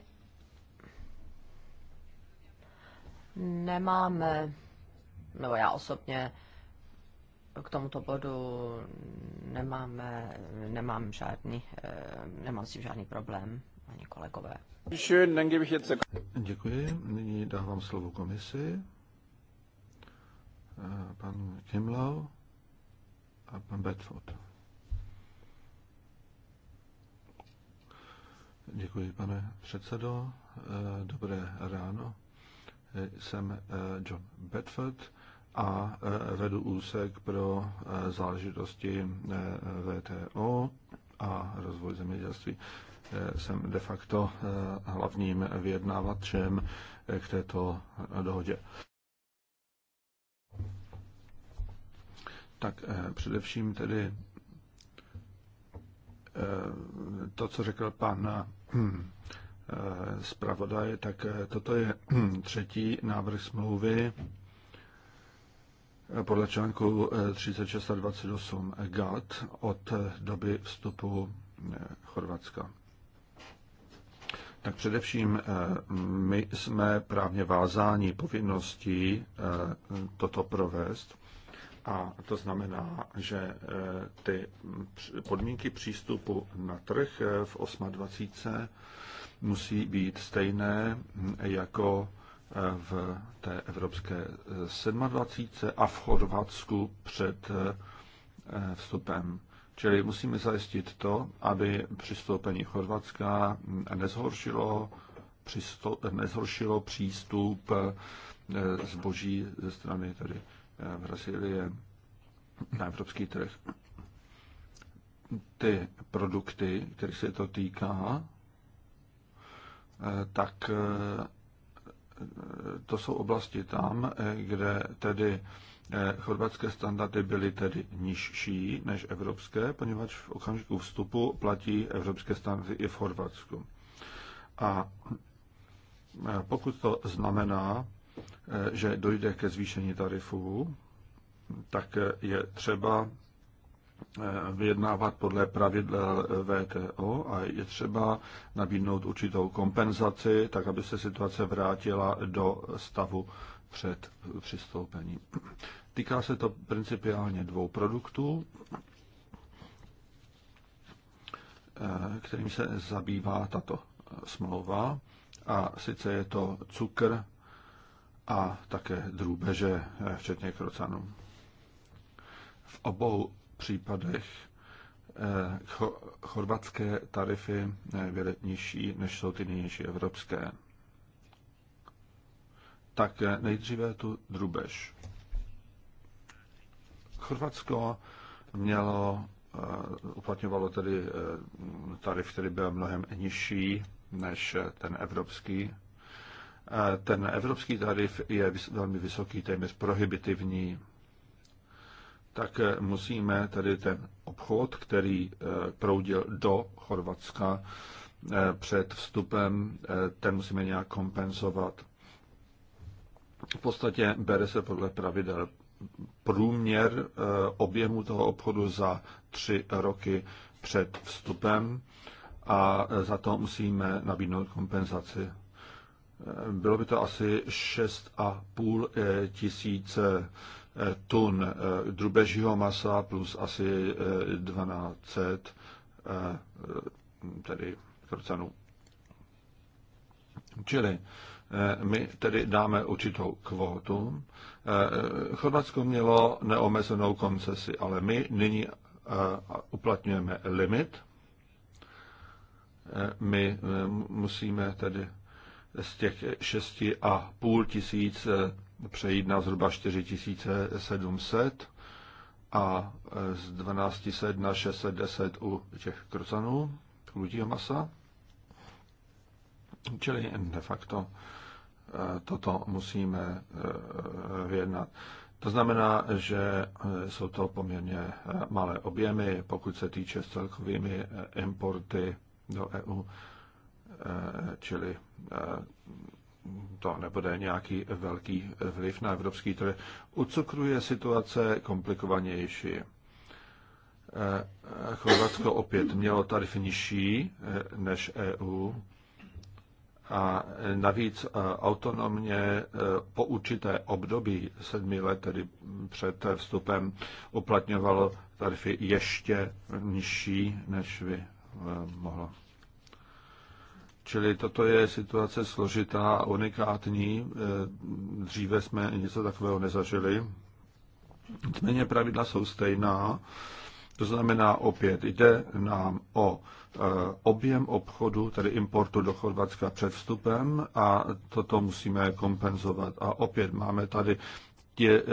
nemáme, nebo já osobně k tomuto bodu nemáme, nemám žádný, eh, nemám s tím žádný problém, ani kolegové. Děkuji. Nyní dávám slovo komisi. Eh, pan Kimlau a pan Bedford. Děkuji, pane předsedo. Eh, dobré ráno. Eh, jsem eh, John Bedford a vedu úsek pro záležitosti VTO a rozvoj zemědělství. Jsem de facto hlavním vyjednávačem k této dohodě. Tak především tedy Eh, to, co řekl pan eh, zpravodaj, tak eh, toto je třetí návrh smlouvy podle článku 36 a 28 GAT od doby vstupu Chorvatska. Tak především my jsme právně vázáni povinností toto provést. A to znamená, že e, ty podmínky přístupu na trh e, v 28 musí být stejné jako e, v té evropské 27 a v Chorvatsku před vstupem. Čili musíme zajistit to, aby přistoupení Chorvatska nezhoršilo, přisto, nezhoršilo přístup zboží ze strany tedy Brazílie na evropský trh. Ty produkty, které se to týká, eh, tak eh, to jsou oblasti tam, eh, kde tedy chorvatské standardy byly tedy nižší než evropské, poněvadž v okamžiku vstupu platí evropské standardy i v Chorvatsku. A pokud to znamená, Eh, že dojde ke zvýšení tarifů, tak je třeba eh, vyjednávat podle pravidel VTO a je třeba nabídnout určitou kompenzaci, tak aby se situace vrátila do stavu před přistoupením. Týká se to principiálně dvou produktů, eh, kterým se zabývá tato smlouva. A sice je to cukr a také drůbeže, eh, včetně krocanů. V obou případech eh, chorvatské tarify eh, byly nižší, než jsou ty nynější evropské. Tak nejdříve tu drůbež. Chorvatsko mělo, uplatňovalo tedy tarif, který byl mnohem nižší než ten evropský. Ten evropský tarif je velmi vysoký, téměř prohibitivní. Tak eh, musíme tedy ten obchod, který eh, proudil do Chorvatska eh, před vstupem, ten musíme nějak kompenzovat. V podstatě bere se podle pravidel průměr objemu toho obchodu za tři roky před vstupem a za to musíme nabídnout kompenzaci bylo by to asi 6,5 eh, tisíce eh, tun eh, drubežího masa plus asi 1200 tedy krcenů. Čili my tedy dáme určitou kvótu. Chorvatsko mělo neomezenou koncesi, ale my nyní uplatňujeme limit. My musíme tedy z těch 6,5 tisíc eh, přejít na zhruba 4700 a eh, z 1200 na 610 u těch krocanů, klutího masa. Čili de facto eh, toto musíme vyjednat. To znamená, že jsou to poměrně malé objemy, pokud se týče s celkovými importy do EU. Eh, čili eh, to nebude nějaký velký vliv na evropský trh. U cukru je situace komplikovanější. Eh, Chorvatsko opět mělo tarif nižší než EU a navíc autonomně po určité období sedmi let, tedy před vstupem, uplatňovalo tarify ještě nižší, než by mohlo. Čili toto je situace složitá a unikátní. E, dříve jsme něco takového nezažili. Nicméně pravidla jsou stejná. To znamená opět, jde nám o e, objem obchodu, tedy importu do Chorvatska před vstupem a toto musíme kompenzovat. A opět máme tady je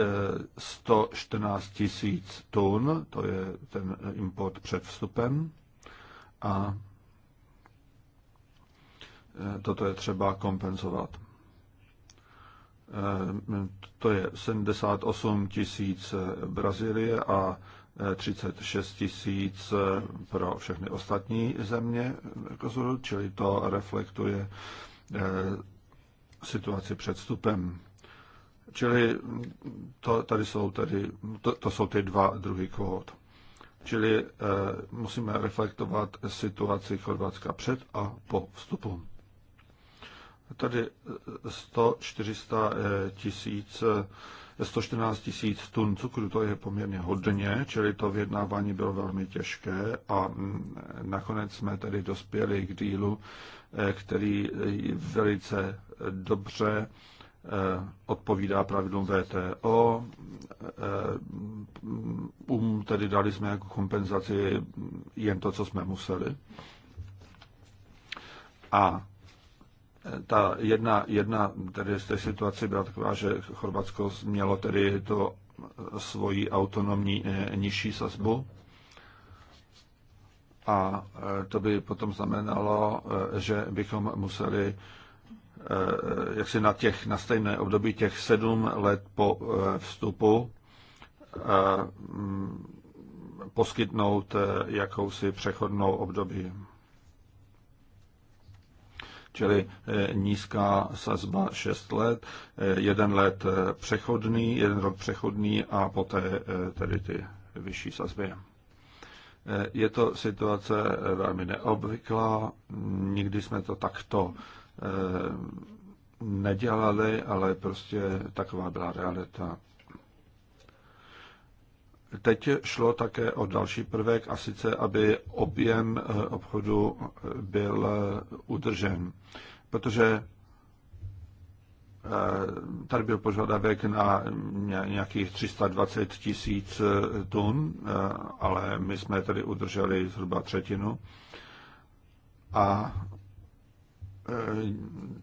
114 e, tisíc tun, to je ten import před vstupem a Eh, toto je třeba kompenzovat. Eh, to je 78 tisíc eh, Brazílie a 36 tisíc pro všechny ostatní země Mercosuru, čili to reflektuje situaci před vstupem. Čili to, tady jsou tedy, to, to jsou ty dva druhý kvót. Čili e, musíme reflektovat situaci Chorvatska před a po vstupu tady 100, eh, 400 eh, tisíc, 114 eh, tisíc tun cukru, to je poměrně hodně, čili to vyjednávání bylo velmi těžké a mm, nakonec jsme tedy dospěli k dílu, který velice dobře odpovídá pravidlům VTO. Um, tedy dali jsme jako kompenzaci jen to, co jsme museli. A ta jedna, jedna tedy z té situace byla taková, že Chorvatsko mělo tedy to svoji autonomní eh, nižší sazbu a eh, to by potom znamenalo, eh, že bychom museli jak si na, těch, na stejné období těch sedm let po vstupu poskytnout jakousi přechodnou období čili eh, nízká sazba 6 let, eh, jeden let eh, přechodný, jeden rok přechodný a poté tedy ty vyšší sazby. Je to situace velmi neobvyklá, nikdy jsme to takto nedělali, ale prostě taková byla realita. Teď šlo také o další prvek, a sice, aby objem eh, obchodu eh, byl eh, udržen. Protože tady byl požadavek na nějakých 320 tisíc tun, ale my jsme tady udrželi zhruba třetinu. A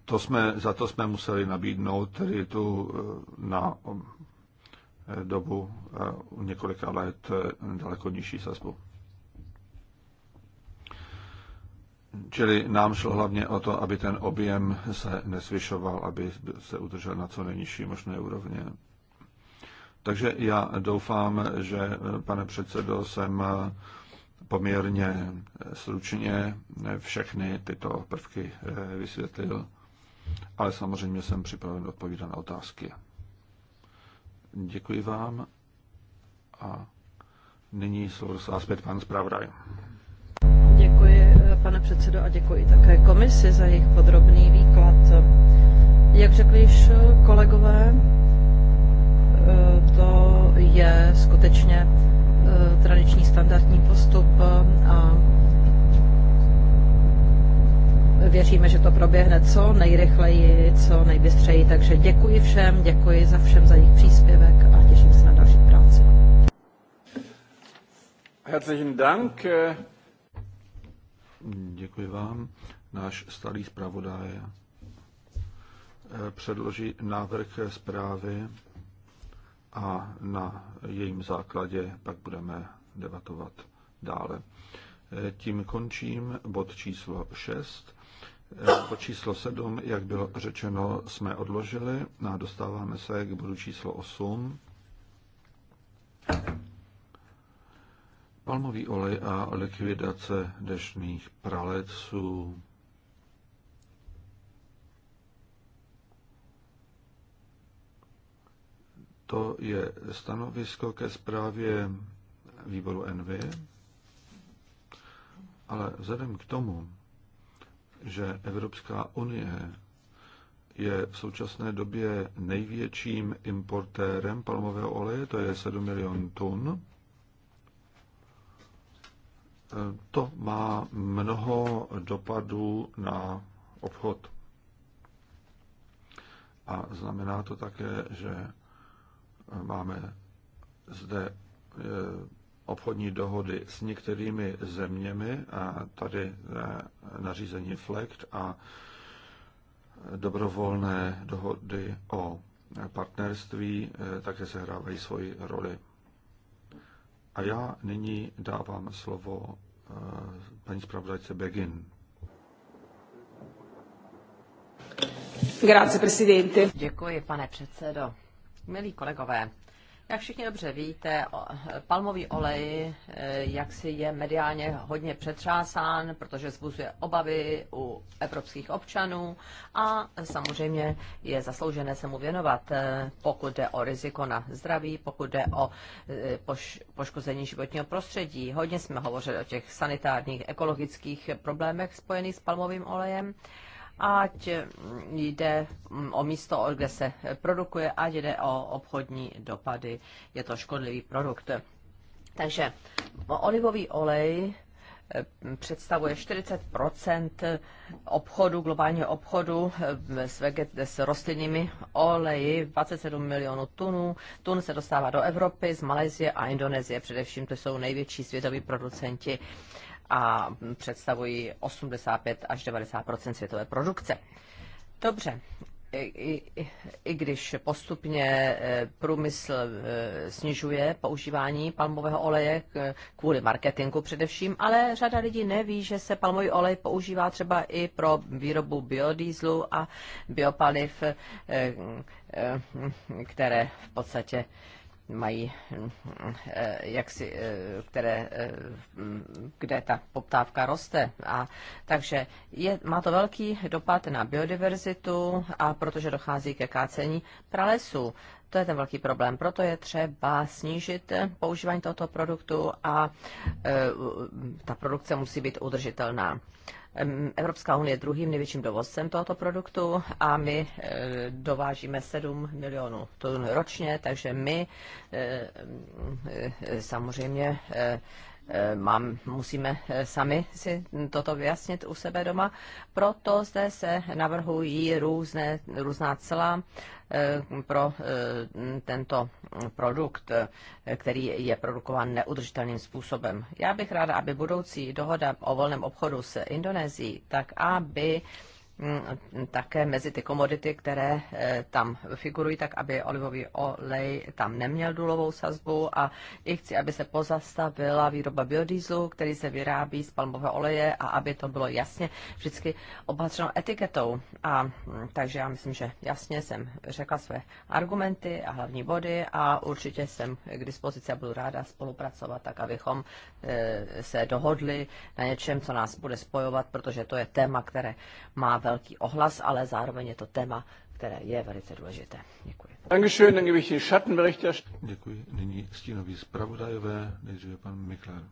to jsme, za to jsme museli nabídnout tedy tu na dobu eh, několika let eh, daleko nižší sazbu. Čili nám šlo hlavně o to, aby ten objem se nesvyšoval, aby se udržel na co nejnižší možné úrovně. Takže já doufám, že, eh, pane předsedo, jsem poměrně stručně všechny tyto prvky vysvětlil, ale samozřejmě jsem připraven odpovídat na otázky. Děkuji vám a nyní slovo dostává zpět pan zpravodaj. Děkuji, eh, pane předsedo, a děkuji také komisi za jejich podrobný výklad. Jak řekli již eh, kolegové, eh, to je skutečně tradiční standardní postup a věříme, že to proběhne co nejrychleji, co nejbystřeji. Takže děkuji všem, děkuji za všem za jejich příspěvek a těším se na další práci. Herzlichen Dank. Děkuji vám. Náš starý zpravodaj eh, předloží návrh zprávy a na jejím základě pak budeme debatovat dále. Eh, tím končím bod číslo 6 po číslo 7, jak bylo řečeno, jsme odložili a dostáváme se k bodu číslo 8. Palmový olej a likvidace dešných praleců. To je stanovisko ke zprávě výboru NV, ale vzhledem k tomu, že Evropská unie je v současné době největším importérem palmového oleje, to je 7 milion tun. To má mnoho dopadů na obchod. A znamená to také, že máme zde eh, obchodní dohody s některými zeměmi, a tady eh, nařízení FLECT a dobrovolné dohody o partnerství eh, také sehrávají svoji roli. A já nyní dávám slovo eh, paní zpravodajce Begin. Grazie, presidente. Děkuji, pane předsedo. Milí kolegové, jak všichni dobře víte, palmový olej eh, jak si je mediálně hodně přetřásán, protože zbuzuje obavy u evropských občanů a samozřejmě je zasloužené se mu věnovat, eh, pokud jde o riziko na zdraví, pokud jde o eh, poškození životního prostředí. Hodně jsme hovořili o těch sanitárních, ekologických problémech spojených s palmovým olejem ať mm, jde mm, o místo, kde se produkuje, ať jde o obchodní dopady. Je to škodlivý produkt. Takže olivový olej eh, představuje 40 obchodu, globálního obchodu eh, s, veget, s rostlinnými oleji, 27 milionů tunů. Tun se dostává do Evropy z Malezie a Indonésie. Především to jsou největší světoví producenti a představují 85 až 90 světové produkce. Dobře, i, i, i když postupně e, průmysl e, snižuje používání palmového oleje kvůli marketingu především, ale řada lidí neví, že se palmový olej používá třeba i pro výrobu biodýzlu a biopaliv, e, které v podstatě mají eh, jaksi, eh, které, eh, kde ta poptávka roste. A, takže je, má to velký dopad na biodiverzitu a protože dochází ke kácení pralesů. To je ten velký problém. Proto je třeba snížit používání tohoto produktu a e, ta produkce musí být udržitelná. E, Evropská unie je druhým největším dovozcem tohoto produktu a my eh, dovážíme 7 milionů tun ročně, takže my eh, eh, samozřejmě mám, musíme sami si toto vyjasnit u sebe doma. Proto zde se navrhují různé, různá celá, Eh, pro eh, tento produkt, eh, který je produkován neudržitelným způsobem. Já bych ráda, aby budoucí dohoda o volném obchodu s Indonésií, tak aby Mm, také mezi ty komodity, které eh, tam figurují, tak aby olivový olej tam neměl důlovou sazbu a i chci, aby se pozastavila výroba biodieslu, který se vyrábí z palmového oleje a aby to bylo jasně vždycky obhatřeno etiketou. A mm, takže já myslím, že jasně jsem řekla své argumenty a hlavní body a určitě jsem k dispozici a budu ráda spolupracovat tak, abychom eh, se dohodli na něčem, co nás bude spojovat, protože to je téma, které má velký ohlas, ale zároveň je to téma, které je velice důležité. Děkuji. Děkuji. Nyní stínový zpravodajové, nejdříve pan Mikler.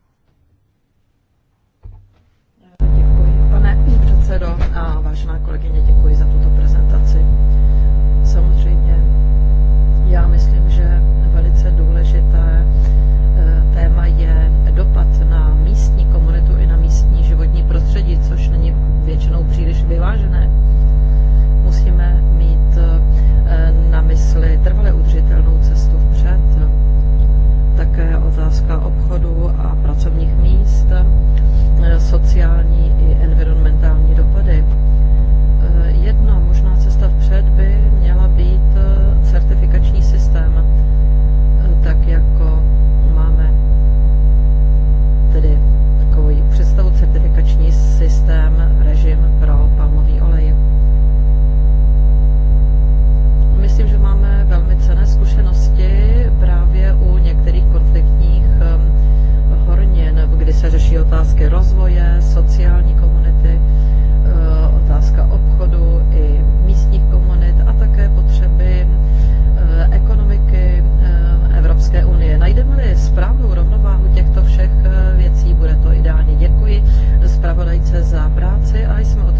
Děkuji, pane předsedo a vážená kolegyně, děkuji za tuto prezentaci. otázka obchodu a pracovních míst, eh, sociální i environmentální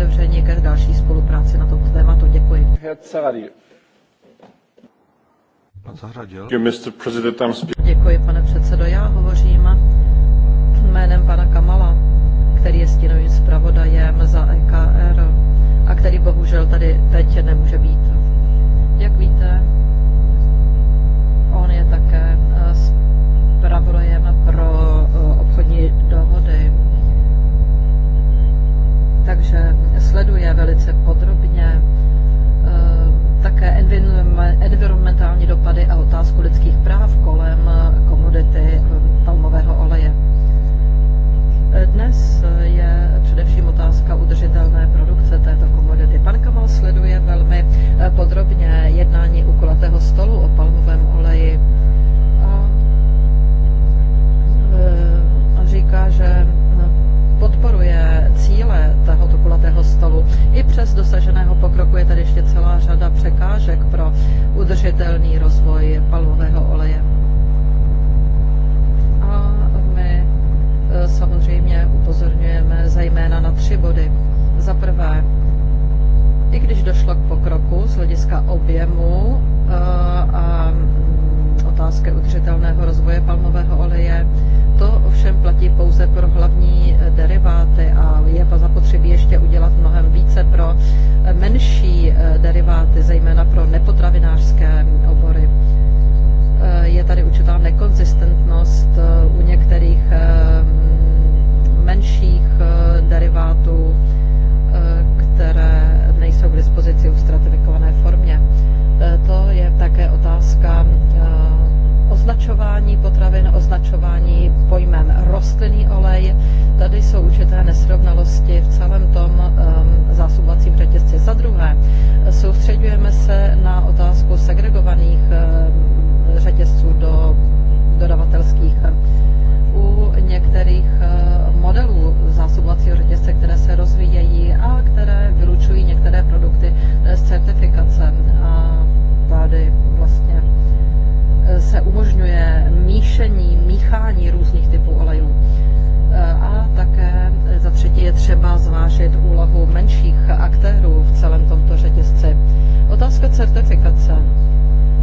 otevření ke další spolupráci na tomto tématu. Děkuji. Děkuji, pane předsedo. Já hovořím jménem pana Kamala, který je stínovým zpravodajem za EKR a který bohužel tady teď nemůže být. Jak víte, on je také eh, zpravodajem pro eh, obchodní dohody takže sleduje velice podrobně eh, také environmentální dopady a otázku lidských práv kolem eh, komodity eh, palmového oleje. Dnes je především otázka udržitelné produkce této komodity. Pan Kamal sleduje velmi podrobně jednání u kulatého stolu o palmovém oleji a, a říká, že podporuje cíle tohoto kulatého stolu. I přes dosaženého pokroku je tady ještě celá řada překážek pro udržitelný rozvoj palmového oleje. A my e, samozřejmě upozorňujeme zejména na tři body. Za prvé, i když došlo k pokroku z hlediska objemu e, a otázky udržitelného rozvoje palmového oleje. To ovšem platí pouze pro hlavní eh, deriváty a je zapotřebí ještě udělat mnohem více pro eh, menší eh, deriváty, zejména pro nepotravinářské obory. Je tady určitá nekonzistentnost u některých menších derivátů, které nejsou k dispozici v stratifikované formě. To je také otázka označování potravin, označování pojmem rostlinný olej. Tady jsou určité nesrovnalosti v celém tom um, zásobovacím řetězci. Za druhé, soustředujeme se na otázku segregovaných um, řetězců do dodavatelských u některých ehm, modelů zásobovacího řetězce, které se rozvíjejí a které vylučují některé produkty eh, z certifikace. A tady se umožňuje míšení, míchání různých typů olejů. E, a také za třetí je třeba zvážit úlohu menších aktérů v celém tomto řetězci. Otázka certifikace.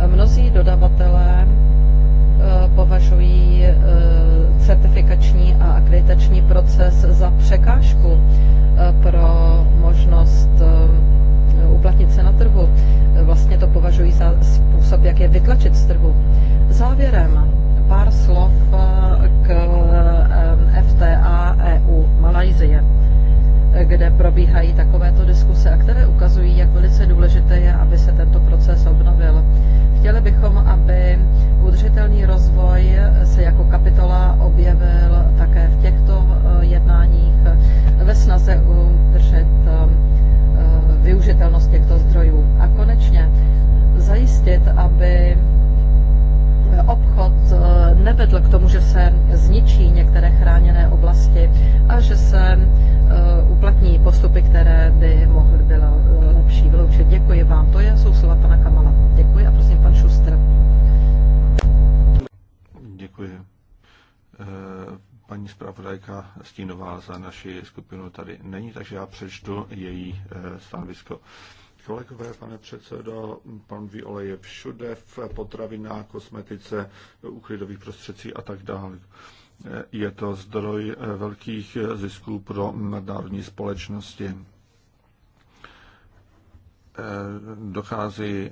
Mnozí dodavatelé e, považují e, certifikační a akreditační proces za překážku pro možnost uplatnit se na trhu. Vlastně to považují za způsob, jak je vytlačit z trhu. Závěrem pár slov eh, k eh, FTA EU Malajzie kde probíhají takovéto diskuse a které ukazují, jak velice důležité je, aby se tento proces obnovil. Chtěli bychom, aby udržitelný rozvoj se udržitelnost těchto zdrojů. A konečně zajistit, aby eh, obchod eh, nevedl k tomu, že se zničí některé paní zpravodajka Stínová za naši skupinu tady není, takže já přečtu její eh, stanovisko. Kolegové, pane předsedo, pan Viole je všude v potravinách, kosmetice, uklidových prostředcích a tak dále. Eh, je to zdroj eh, velkých zisků pro nadnárodní společnosti. Dochází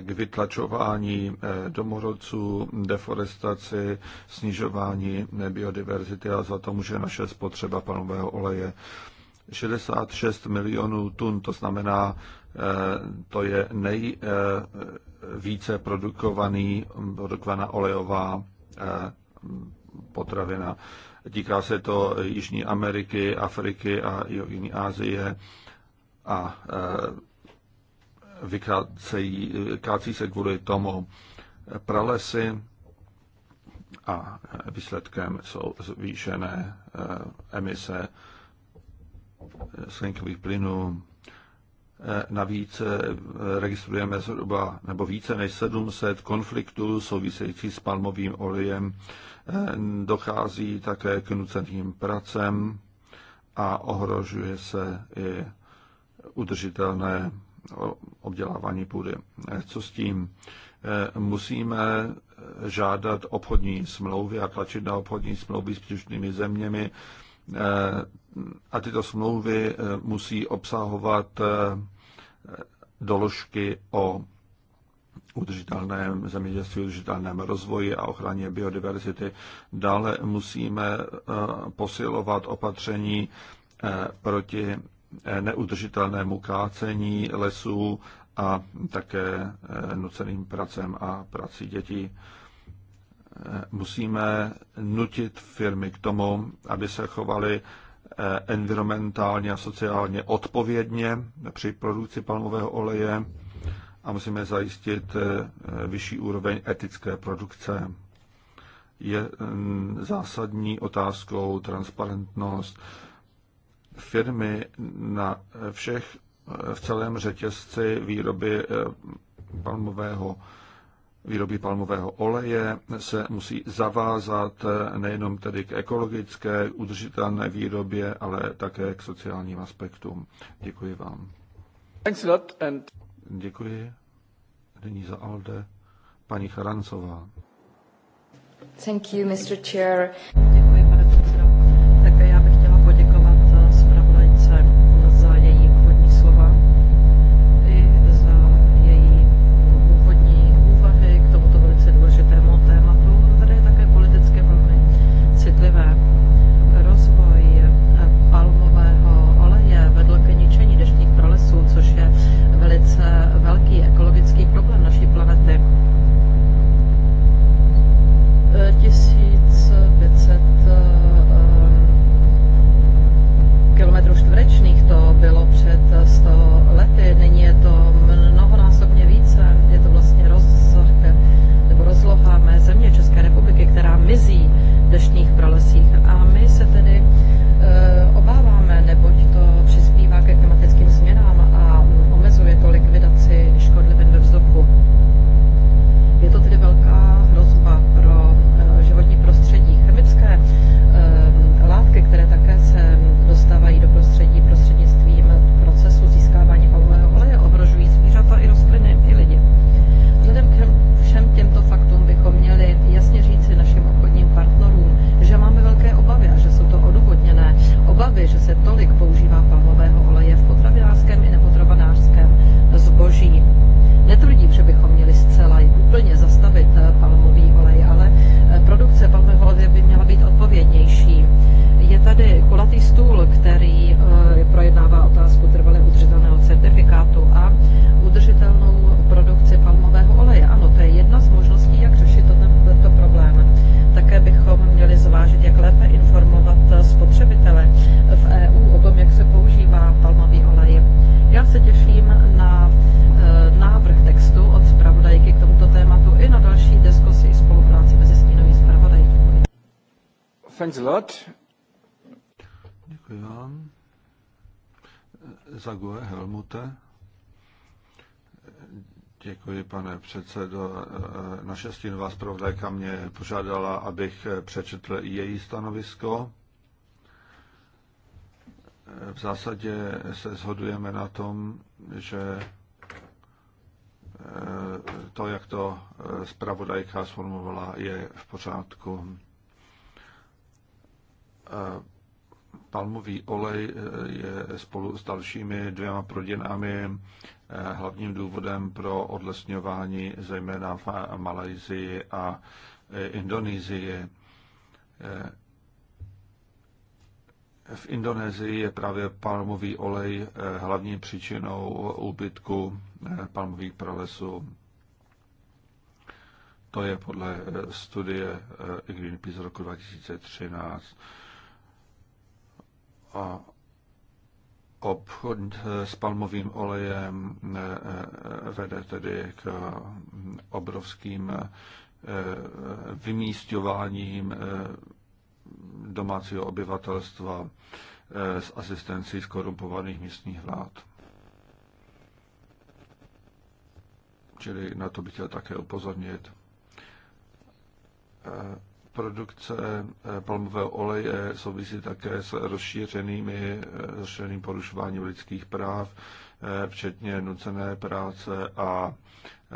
k vytlačování eh, domorodců, deforestaci, snižování biodiverzity a za to může naše spotřeba panového oleje. 66 milionů tun, to znamená, eh, to je nejvíce eh, produkovaný, produkovaná olejová potravina. Týká se to Jižní Ameriky, Afriky a Jižní Asie a vykácejí, kácí se kvůli tomu pralesy a výsledkem jsou zvýšené eh, emise eh, skleníkových plynů. Eh, navíc registrujeme zhruba nebo více než 700 konfliktů souvisejících s palmovým olejem. Dochází také k nuceným pracem a ohrožuje se i udržitelné obdělávání půdy. Eh, co s tím? Eh, musíme eh, žádat obchodní smlouvy a tlačit na obchodní smlouvy s příslušnými zeměmi. A tyto smlouvy musí obsahovat doložky o udržitelném zemědělství, udržitelném rozvoji a ochraně biodiverzity. Dále musíme posilovat opatření proti neudržitelnému kácení lesů a také eh, nuceným pracem a prací dětí. Eh, musíme nutit firmy k tomu, aby se chovaly eh, environmentálně a sociálně odpovědně při produkci palmového oleje a musíme zajistit vyšší úroveň etické produkce. Je mm, zásadní otázkou transparentnost firmy na všech v celém řetězci výroby eh, palmového výroby palmového oleje se musí zavázat eh, nejenom tedy k ekologické, udržitelné výrobě, ale také k sociálním aspektům. Děkuji vám. Thanks a lot and... Děkuji. Nyní za ALDE paní Charancová. Thank you, Mr. Chair. Thanks a lot. Děkuji vám. Zague Helmute. Děkuji, pane předsedo. Naše stínová zpravodajka mě požádala, abych přečetl její stanovisko. V zásadě se shodujeme na tom, že eh, to, jak to eh, zpravodajka sformovala, je v pořádku palmový olej e, je spolu s dalšími dvěma prodinami e, hlavním důvodem pro odlesňování zejména v Malajzii a e, Indonésii. V Indonésii je právě palmový olej hlavní příčinou úbytku palmových pralesů. To je podle studie Greenpeace roku 2013 a obchod s palmovým olejem eh, eh, vede tedy k obrovským eh, vymístěváním domácího obyvatelstva s asistencí skorumpovaných místních vlád. Čili na to bych chtěl také upozornit produkce eh, palmového oleje souvisí také s rozšířenými, eh, rozšířeným porušováním lidských práv, eh, včetně nucené práce a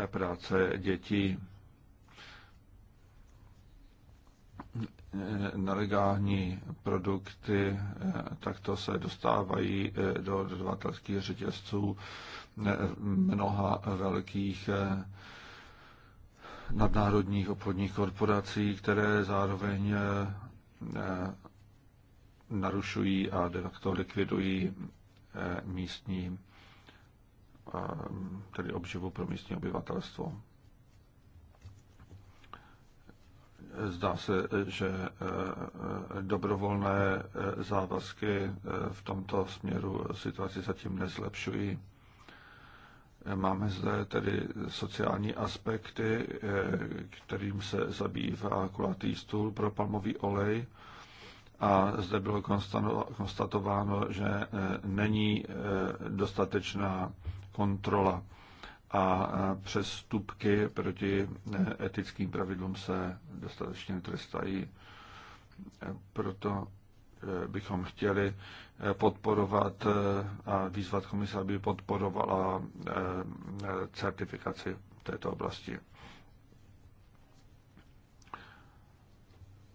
práce dětí. Nelegální produkty takto se dostávají do dodavatelských řetězců mnoha velkých nadnárodních obchodních korporací, které zároveň eh, eh, narušují a de facto likvidují eh, místní, tedy obživu pro místní obyvatelstvo. Zdá se, že dobrovolné závazky v tomto směru situaci zatím nezlepšují. Máme zde tedy sociální aspekty, eh, kterým se zabývá kulatý stůl pro palmový olej. A zde bylo konstatováno, že eh, není eh, dostatečná kontrola a přestupky proti etickým pravidlům se dostatečně trestají. Proto bychom chtěli podporovat eh, a výzvat komise, aby podporovala eh, certifikaci této oblasti.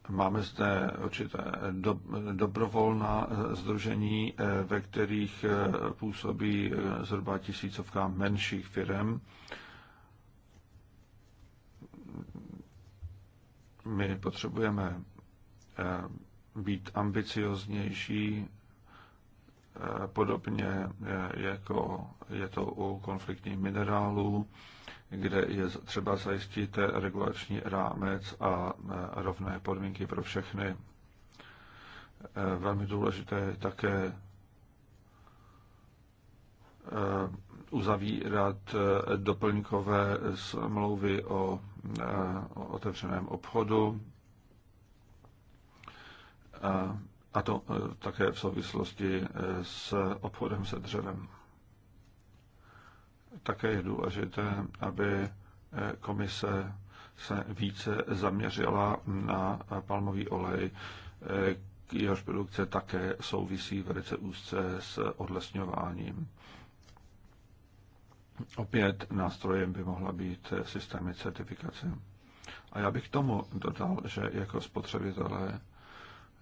Máme zde určité do, dobrovolná združení, eh, ve kterých působí zhruba tisícovka menších firm. My potřebujeme být ambicioznější podobně eh, jako je to u konfliktních minerálů, kde je třeba zajistit regulační rámec a eh, rovné podmínky pro všechny. Eh, velmi důležité je také uzavírat doplňkové smlouvy o otevřeném obchodu a to e, také v souvislosti e, s obchodem se dřevem. Také je důležité, aby e, komise se více zaměřila na palmový olej, jehož produkce také souvisí velice úzce s odlesňováním. Opět nástrojem by mohla být systémy certifikace. A já bych k tomu dodal, že jako spotřebitelé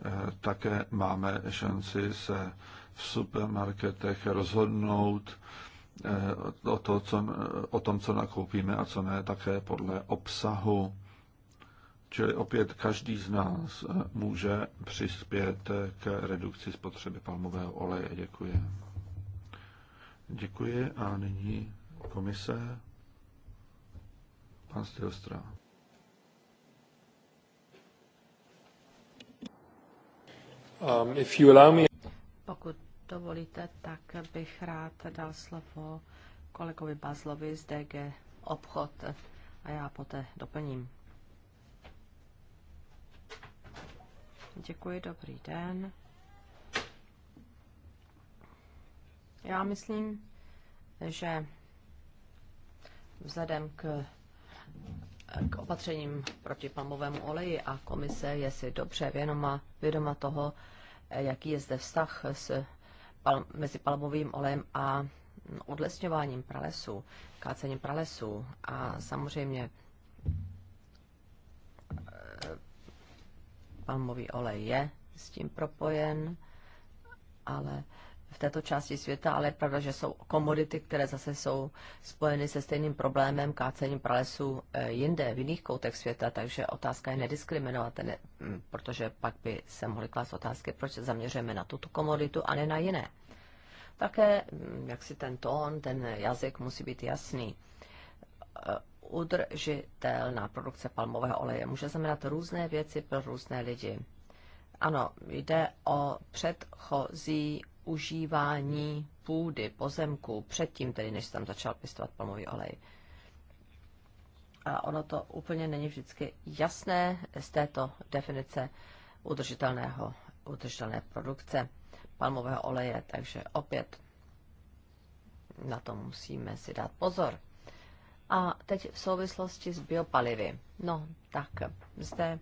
Eh, také máme šanci se v supermarketech rozhodnout eh, o, to, co, o tom, co nakoupíme a co ne, také podle obsahu. Čili opět každý z nás eh, může přispět k redukci spotřeby palmového oleje. Děkuji. Děkuji a nyní komise. Pan Stilstra. Um, if you allow me... Pokud dovolíte, tak bych rád dal slovo kolegovi Bazlovi z DG Obchod a já poté doplním. Děkuji, dobrý den. Já myslím, že vzhledem k k opatřením proti palmovému oleji a komise je si dobře vědoma, vědoma toho, jaký je zde vztah s, pal, mezi palmovým olejem a odlesňováním pralesů, kácením pralesů a samozřejmě eh, palmový olej je s tím propojen, ale v této části světa, ale je pravda, že jsou komodity, které zase jsou spojeny se stejným problémem kácením pralesů eh, jinde, v jiných koutech světa, takže otázka je nediskriminovat, ne, mm, protože pak by se mohly klást otázky, proč se zaměřujeme na tuto komoditu a ne na jiné. Také, mm, jak si ten tón, ten jazyk musí být jasný eh, udržitelná produkce palmového oleje může znamenat různé věci pro různé lidi. Ano, jde o předchozí užívání půdy, pozemku, předtím tedy, než jsem začal pěstovat palmový olej. A ono to úplně není vždycky jasné z této definice udržitelného, udržitelné produkce palmového oleje, takže opět na to musíme si dát pozor. A teď v souvislosti s biopalivy. No, tak zde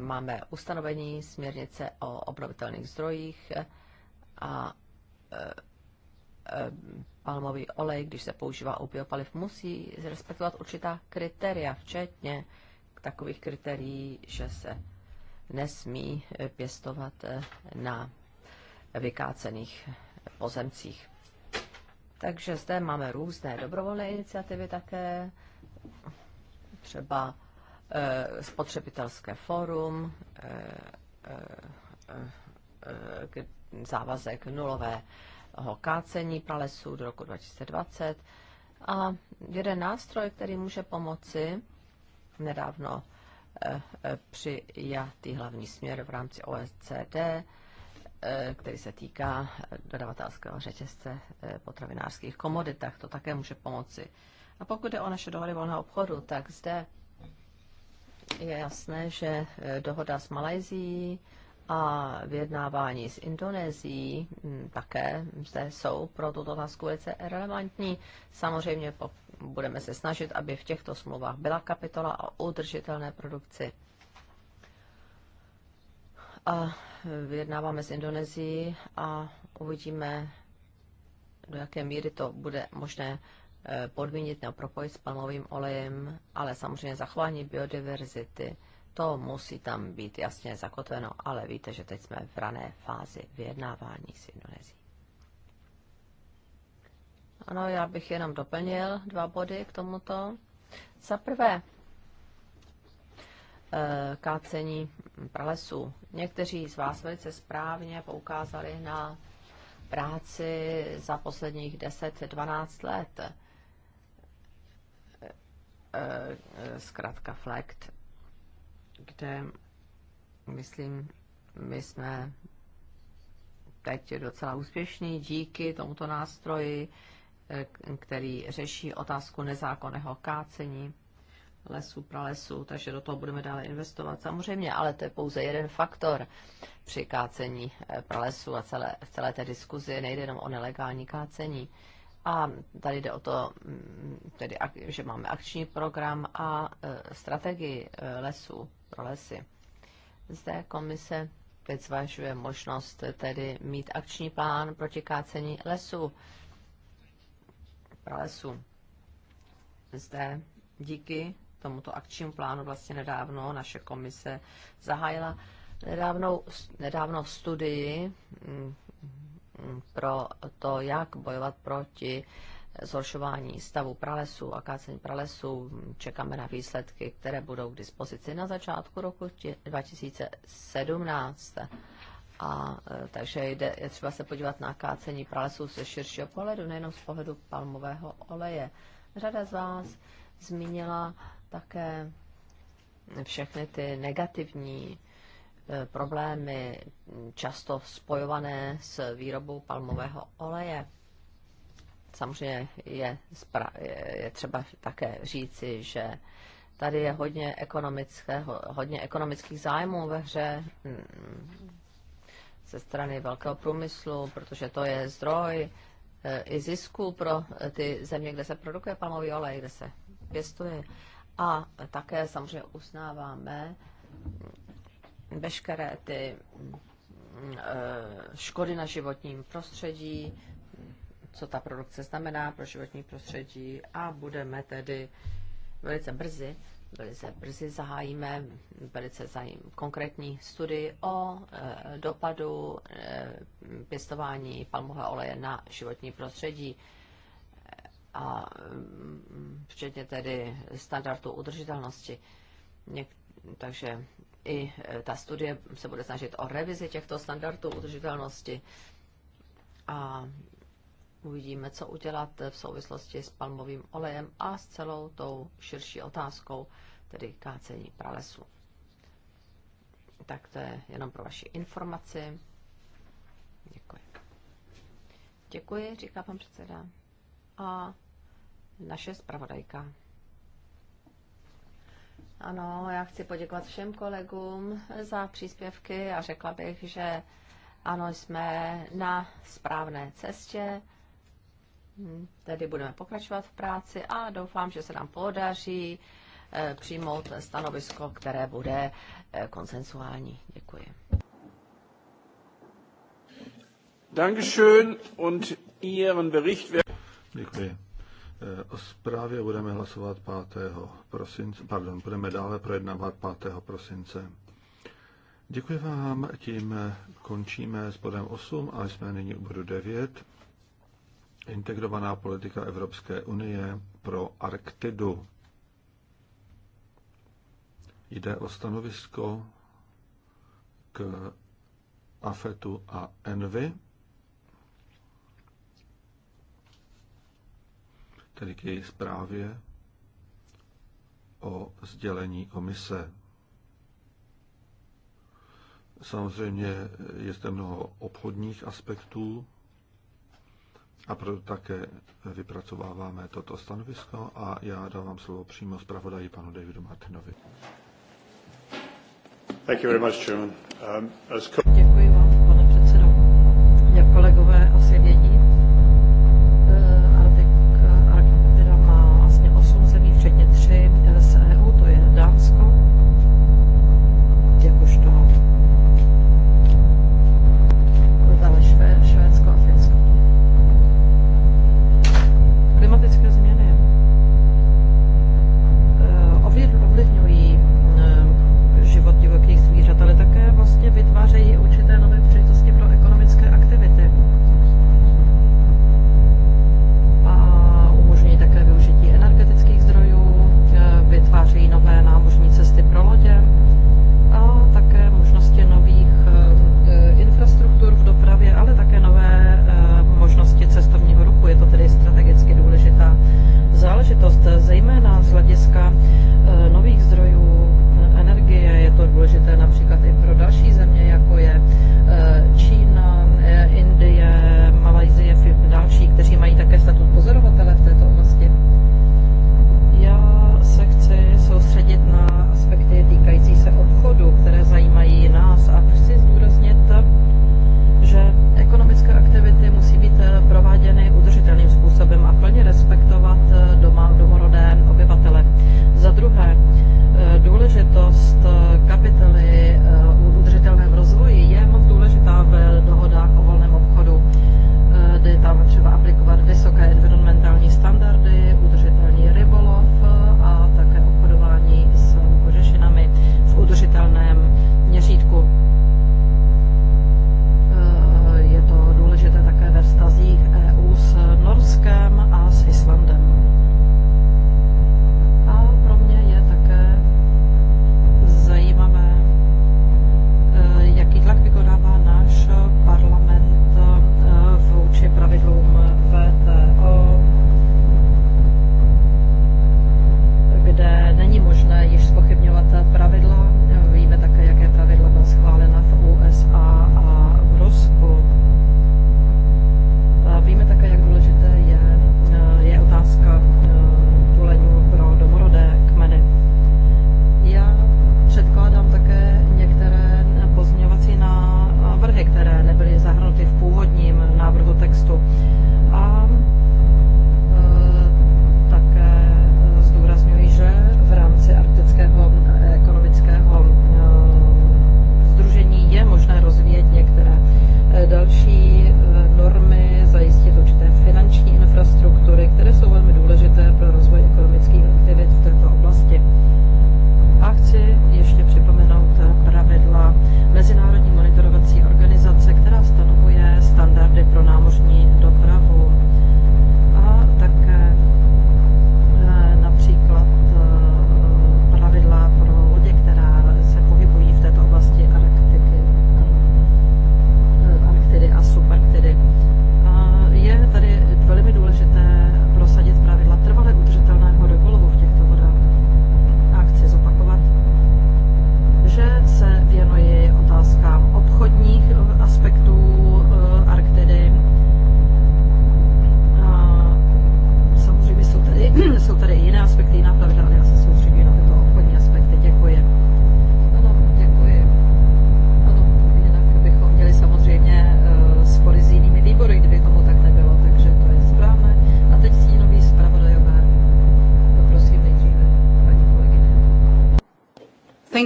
máme ustanovení směrnice o obnovitelných zdrojích a e, e, palmový olej, když se používá u biopaliv, musí respektovat určitá kritéria, včetně takových kritérií, že se nesmí pěstovat e, na vykácených pozemcích. Takže zde máme různé dobrovolné iniciativy také, třeba Eh, spotřebitelské fórum, eh, eh, závazek nulového kácení pralesů do roku 2020 a jeden nástroj, který může pomoci, nedávno přijatý hlavní směr v rámci OECD, který se týká dodavatelského řetězce potravinářských komodit, tak to také může pomoci. A pokud jde o naše dohody volného obchodu, tak zde je jasné, že e, dohoda s Malajzií a vyjednávání s Indonésií také zde jsou pro tuto otázku velice relevantní. Samozřejmě budeme se snažit, aby v těchto smlouvách byla kapitola o udržitelné produkci. A e, vyjednáváme s Indonésií a uvidíme, do jaké míry to bude možné Eh, podmínit nebo propojit s palmovým olejem, ale samozřejmě zachování biodiverzity, to musí tam být jasně zakotveno, ale víte, že teď jsme v rané fázi vyjednávání s Indonésií. Ano, já bych jenom doplnil dva body k tomuto. Za prvé, eh, kácení pralesů. Někteří z vás velice správně poukázali na práci za posledních 10-12 let. Eh, zkrátka FLECT, kde, myslím, my jsme teď docela úspěšní díky tomuto nástroji, eh, který řeší otázku nezákonného kácení lesů, pralesů, takže do toho budeme dále investovat samozřejmě, ale to je pouze jeden faktor při kácení eh, pralesů a celé, v celé té diskuzi nejde jenom o nelegální kácení. A tady jde o to, mm, tedy, že máme akční program a e, strategii e, lesů pro lesy. Zde komise teď zvažuje možnost tedy mít akční plán proti kácení lesů. Pro lesů. Zde díky tomuto akčnímu plánu vlastně nedávno naše komise zahájila nedávnou, nedávno studii mm, pro to, jak bojovat proti zhoršování stavu pralesů a kácení pralesů. Čekáme na výsledky, které budou k dispozici na začátku roku 2017. A e, takže jde, je třeba se podívat na kácení pralesů ze širšího pohledu, nejenom z pohledu palmového oleje. Řada z vás zmínila také všechny ty negativní Eh, problémy často spojované s výrobou palmového oleje. Samozřejmě je, je třeba také říci, že tady je hodně, ekonomického, hodně ekonomických zájmů ve hře mm, ze strany velkého průmyslu, protože to je zdroj eh, i zisku pro eh, ty země, kde se produkuje palmový olej, kde se pěstuje. A také samozřejmě uznáváme veškeré ty mm, eh, škody na životním prostředí, co ta produkce znamená pro životní prostředí a budeme tedy velice brzy, velice brzy zahájíme velice zajím, konkrétní studii o eh, dopadu eh, pěstování palmové oleje na životní prostředí a mm, včetně tedy standardu udržitelnosti. Něk- takže i e, ta studie se bude snažit o revizi těchto standardů udržitelnosti a uvidíme, co udělat v souvislosti s palmovým olejem a s celou tou širší otázkou, tedy kácení pralesu. Tak to je jenom pro vaši informaci. Děkuji. Děkuji, říká pan předseda. A naše zpravodajka. Ano, já chci poděkovat všem kolegům za příspěvky a řekla bych, že ano, jsme na správné cestě, hm, tedy budeme pokračovat v práci a doufám, že se nám podaří eh, přijmout stanovisko, které bude eh, konsensuální. Děkuji. Dankeschön und Ihren Bericht. Děkuji. Eh, o zprávě budeme hlasovat 5. prosince, pardon, budeme dále projednávat 5. prosince. Děkuji vám, tím končíme s bodem 8 a jsme nyní u bodu 9. Integrovaná politika Evropské unie pro Arktidu. Jde o stanovisko k AFETu a ENVY. tedy k její zprávě o sdělení komise. Samozřejmě je zde mnoho obchodních aspektů a proto také vypracováváme toto stanovisko a já dávám slovo přímo zpravodaji panu Davidu Martinovi. Thank you very much, Chairman. Um, as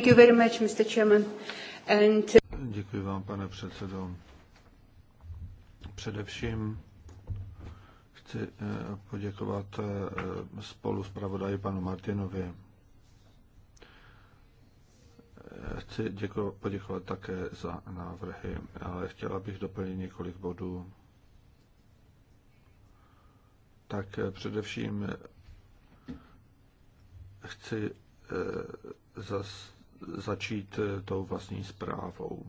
Thank you very much, Mr. Chairman. And... Uh, Děkuji vám, pane předsedo. Především chci eh, poděkovat eh, spolu zpravodaji panu Martinovi. Eh, chci děko, poděkovat také za návrhy, ale chtěla bych doplnit několik bodů. Tak především chci zase začít eh, tou vlastní zprávou.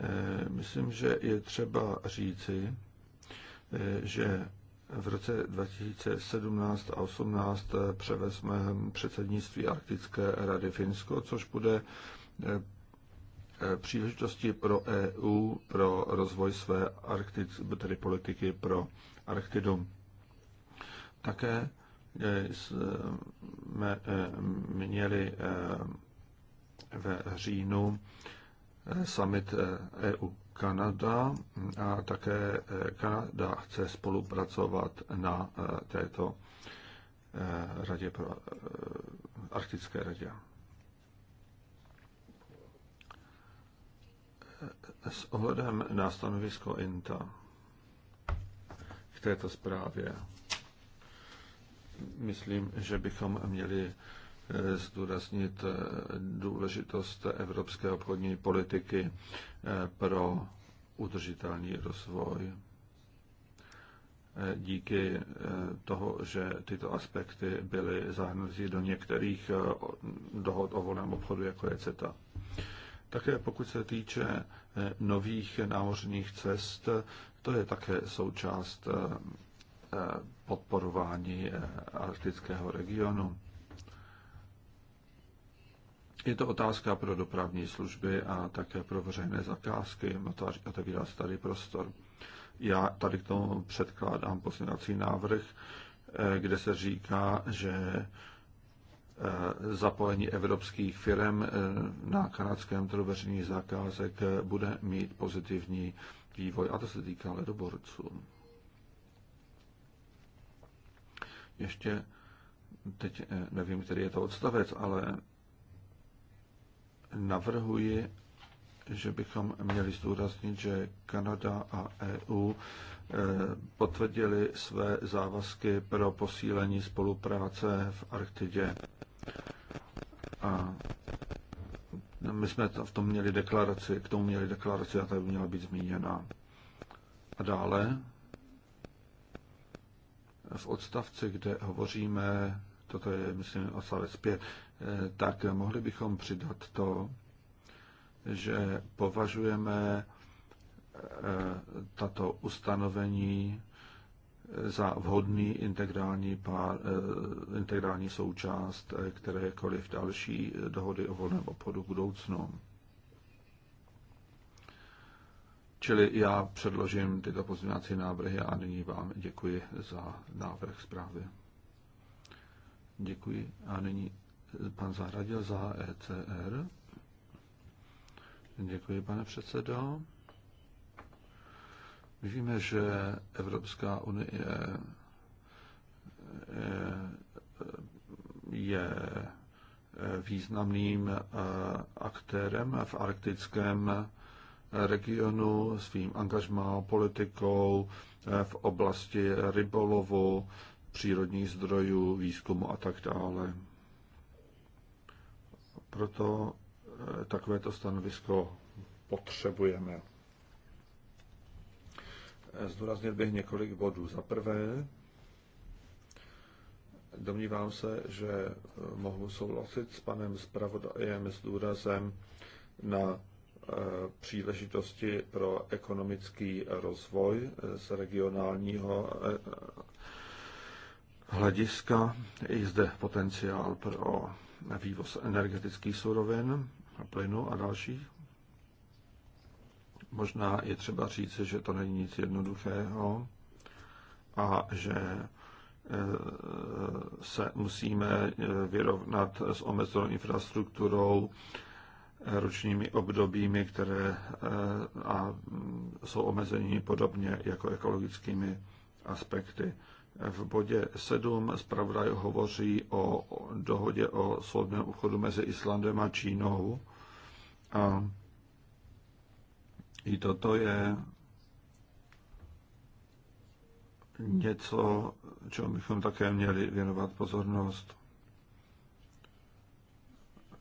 Eh, myslím, že je třeba říci, eh, že v roce 2017 a 2018 převezme předsednictví Arktické rady Finsko, což bude příležitosti pro EU pro rozvoj své arktic, tedy politiky pro Arktidu. Také jsme měli v říjnu eh, summit EU eh, e Kanada a také eh, Kanada chce spolupracovat na této radě pro arktické radě. S ohledem na stanovisko INTA k této zprávě myslím, že bychom měli zdůraznit eh, důležitost evropské obchodní politiky eh, pro udržitelný rozvoj. Eh, díky toho, že tyto aspekty byly zahrnuty do některých dohod o volném obchodu, jako je CETA. Také pokud se týče nových námořních cest, to je také součást podporování arktického regionu. Je to otázka pro dopravní služby a také pro veřejné zakázky. Otevírá se tady prostor. Já tady k tomu předkládám pozměňovací návrh, eh, kde se říká, že eh, zapojení evropských firm eh, na kanadském trhu veřejných zakázek bude mít pozitivní vývoj. A to se týká ledoborců. Ještě teď nevím, který je to odstavec, ale navrhuji, že bychom měli zdůraznit, že Kanada a EU eh, potvrdili své závazky pro posílení spolupráce v Arktidě. A my jsme v tom měli deklaraci, k tomu měli deklaraci a ta by měla být zmíněna. A dále v odstavci, kde hovoříme, toto je, myslím, odstavec 5, tak mohli bychom přidat to, že považujeme eh, tato ustanovení za vhodný integrální, pár, eh, integrální součást eh, kterékoliv další dohody o volném obchodu v budoucnu. Čili já předložím tyto pozměňovací návrhy a nyní vám děkuji za návrh zprávy. Děkuji a nyní pan Zahradil za ECR. Děkuji, pane předsedo. víme, že Evropská unie eh, je eh, významným eh, aktérem v arktickém regionu svým angažmá politikou v oblasti rybolovu, přírodních zdrojů, výzkumu a tak dále. Proto eh, takovéto stanovisko potřebujeme. Eh, zdůraznil bych několik bodů. Za prvé, domnívám se, že eh, mohu souhlasit s panem zpravodajem s důrazem na příležitosti pro ekonomický rozvoj z regionálního hlediska. I zde potenciál pro vývoz energetických surovin, plynu a dalších. Možná je třeba říct, že to není nic jednoduchého a že e, se musíme e, vyrovnat s omezenou infrastrukturou, e, ročními obdobími, které a jsou omezení podobně jako ekologickými aspekty. V bodě 7 zpravodaj hovoří o dohodě o slovném obchodu mezi Islandem a Čínou. A i toto je něco, čemu bychom také měli věnovat pozornost.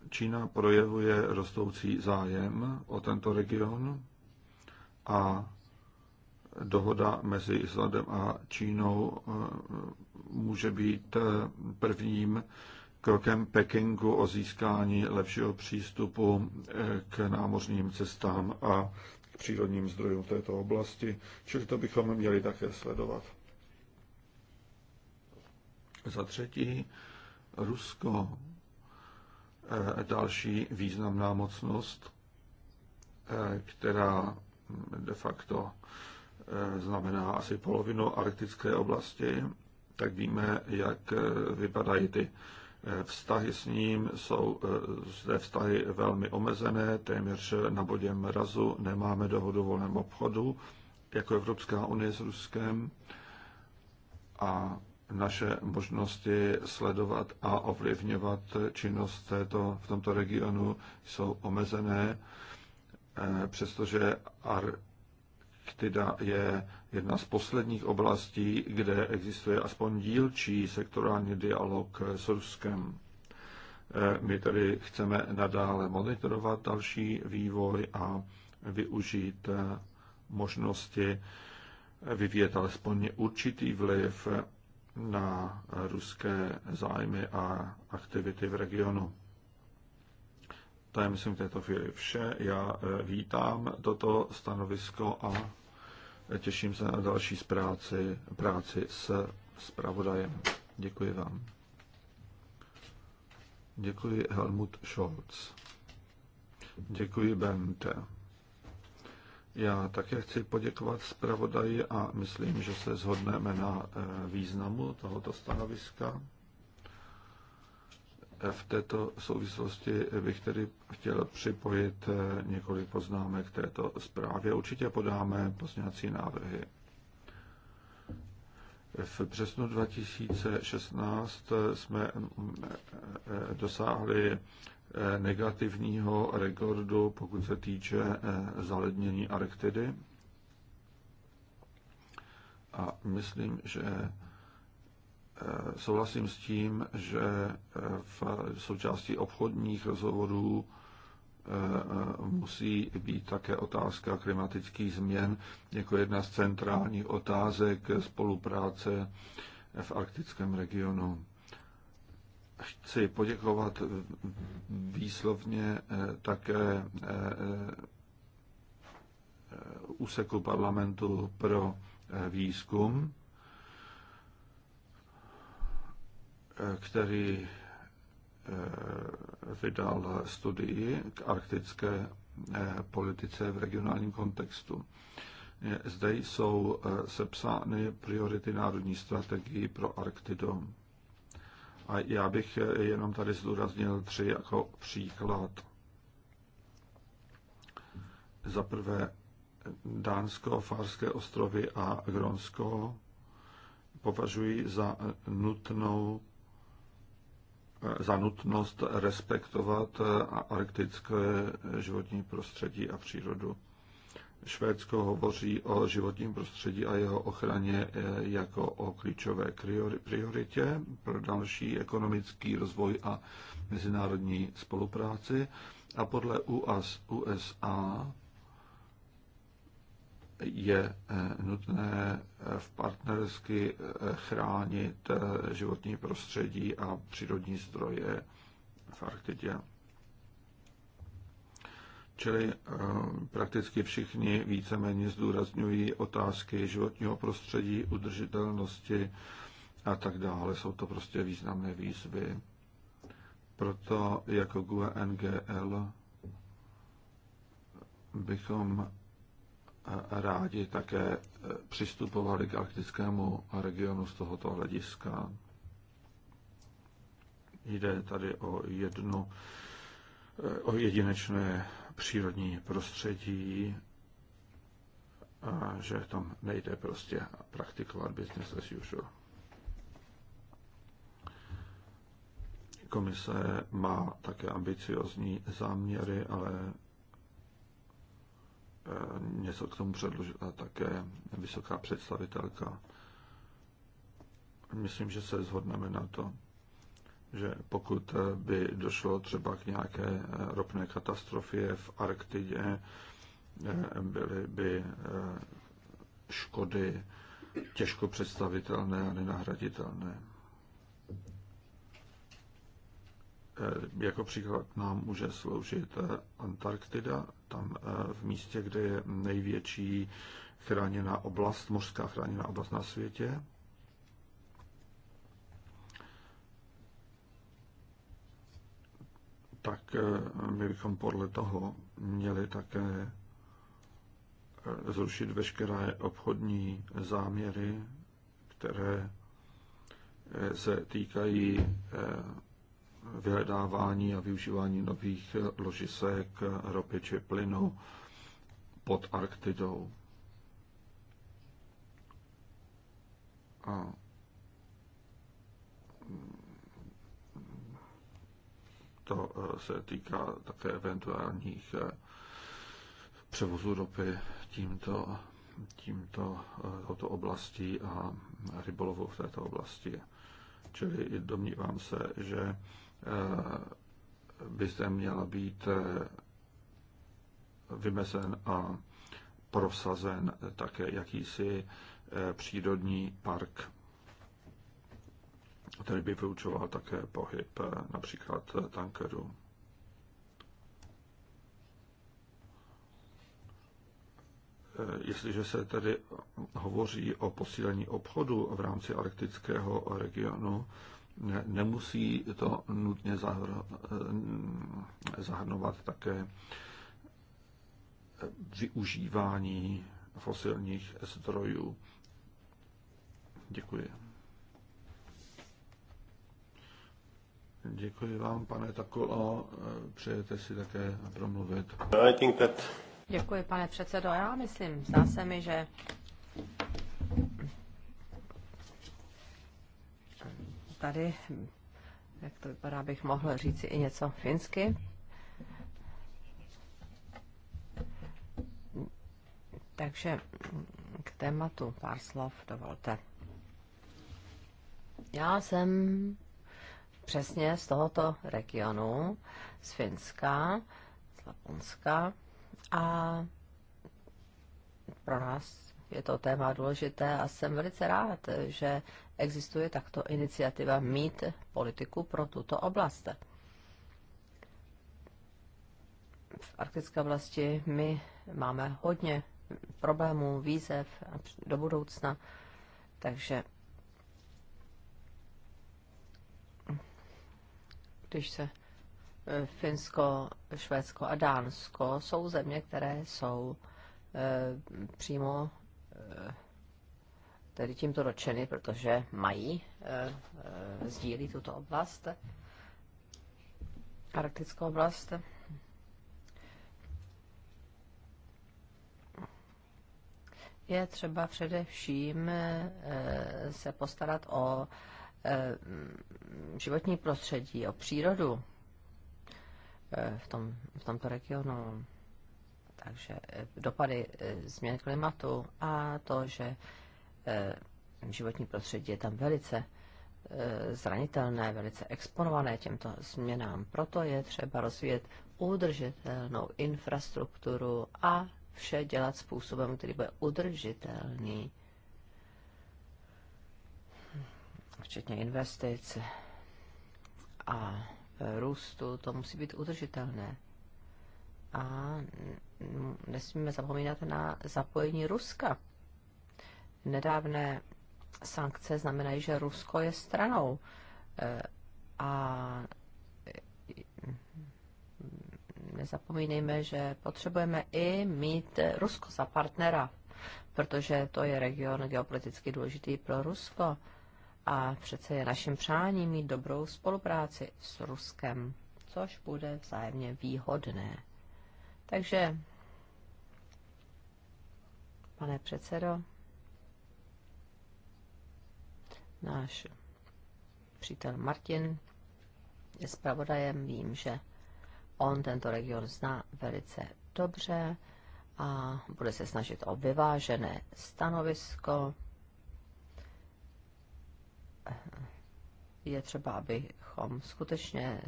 Čína projevuje rostoucí zájem o tento region a dohoda mezi Islandem a Čínou eh, může být eh, prvním krokem Pekingu o získání lepšího přístupu eh, k námořním cestám a k přírodním zdrojům této oblasti, čili to bychom měli také sledovat. Za třetí, Rusko, další významná mocnost, která de facto Eh, znamená asi polovinu arktické oblasti, tak víme, jak eh, vypadají ty eh, vztahy s ním. Jsou zde vztahy velmi omezené, téměř na bodě mrazu nemáme dohodu o volném obchodu, jako Evropská unie s Ruskem. A naše možnosti sledovat a ovlivňovat činnost této, v tomto regionu jsou omezené, přestože ar, teda je jedna z posledních oblastí, kde existuje aspoň dílčí sektorální dialog s Ruskem. E, my tedy chceme nadále monitorovat další vývoj a využít e, možnosti vyvíjet alespoň určitý vliv na ruské zájmy a aktivity v regionu. To je, myslím, v této chvíli vše. Já eh, vítám toto stanovisko a eh, těším se na další práci, práci s zpravodajem. Děkuji vám. Děkuji Helmut Scholz. Děkuji Bente. Já také chci poděkovat zpravodaji a myslím, že se shodneme na eh, významu tohoto stanoviska. V této souvislosti bych tedy chtěl připojit eh, několik poznámek k této zprávě. Určitě podáme pozněcí návrhy. V březnu 2016 eh, jsme eh, dosáhli negativního rekordu, pokud se týče zalednění Arktidy. A myslím, že Eh, souhlasím s tím, že eh, v součástí obchodních rozhovorů eh, musí být také otázka klimatických změn jako jedna z centrálních otázek spolupráce v arktickém regionu. Chci poděkovat výslovně také úseku parlamentu pro výzkum který eh, vydal studii k arktické eh, politice v regionálním kontextu. Zde jsou eh, sepsány priority národní strategii pro Arktidu. A já bych jenom tady zdůraznil tři jako příklad. Za prvé Dánsko, Farské ostrovy a Gronsko považují za nutnou za nutnost respektovat arktické životní prostředí a přírodu. Švédsko hovoří o životním prostředí a jeho ochraně eh, jako o klíčové prioritě pro další ekonomický rozvoj a mezinárodní spolupráci. A podle USA je eh, nutné eh, v partnersky eh, chránit životní prostředí a přírodní zdroje v Arktidě. Čili prakticky všichni víceméně zdůrazňují otázky životního prostředí, udržitelnosti a tak dále. Jsou to prostě významné výzvy. Proto jako GUE NGL bychom rádi také eh, přistupovali k arktickému regionu z tohoto hlediska. Jde tady o jedno, eh, o jedinečné přírodní prostředí, a že tam nejde prostě praktikovat business as usual. Komise má také ambiciozní záměry, ale Eh, něco k tomu předložila také vysoká představitelka. Myslím, že se zhodneme na to, že pokud by došlo třeba k nějaké ropné katastrofě v Arktidě, eh, byly by eh, škody těžko představitelné a nenahraditelné. Eh, jako příklad nám může sloužit eh, Antarktida, tam eh, v místě, kde je největší chráněná oblast, mořská chráněná oblast na světě. Tak my bychom podle toho měli také zrušit veškeré obchodní záměry, které se týkají vyhledávání a využívání nových ložisek ropy či plynu pod Arktidou. A to eh, se týká také eventuálních eh, převozu ropy tímto, tímto eh, toto oblastí a rybolovu v této oblasti. Čili domnívám se, že Eh, by se měla být eh, vymezen a prosazen také jakýsi eh, přírodní park, který by vyučoval také pohyb například tankerů. Jestliže se tedy hovoří o posílení obchodu v rámci arktického regionu, ne Nemusí to nutně zahrnovat také využívání fosilních zdrojů. Děkuji. Děkuji vám, pane Takolo. Přejete si také promluvit. That... Děkuji, pane předsedo. Já myslím, zdá se mi, že tady, jak to vypadá, bych mohl říct i něco finsky. Takže k tématu pár slov dovolte. Já jsem přesně z tohoto regionu, z Finska, z Laponska a pro nás je to téma důležité a jsem velice rád, že existuje takto iniciativa mít politiku pro tuto oblast. V arktické oblasti my máme hodně problémů, výzev do budoucna, takže když se eh, Finsko, Švédsko a Dánsko jsou země, které jsou eh, přímo Eh, tedy tímto dočeny, protože mají, eh, eh, sdílí tuto oblast, arktickou oblast. Je třeba především se postarat o životní prostředí, o přírodu v, tom, v tomto regionu takže eh, dopady eh, změn klimatu a to, že eh, životní prostředí je tam velice zranitelné, velice exponované těmto změnám. Proto je třeba rozvíjet udržitelnou infrastrukturu a vše dělat způsobem, který bude udržitelný, včetně investic a růstu. To musí být udržitelné. A nesmíme zapomínat na zapojení Ruska. Nedávné sankce znamenají, že Rusko je stranou. E, a nezapomínejme, že potřebujeme i mít Rusko za partnera, protože to je region geopoliticky důležitý pro Rusko. A přece je naším přáním mít dobrou spolupráci s Ruskem, což bude vzájemně výhodné. Takže, pane předsedo, náš přítel Martin je zpravodajem, vím, že on tento region zná velice dobře a bude se snažit o vyvážené stanovisko. Je třeba, abychom skutečně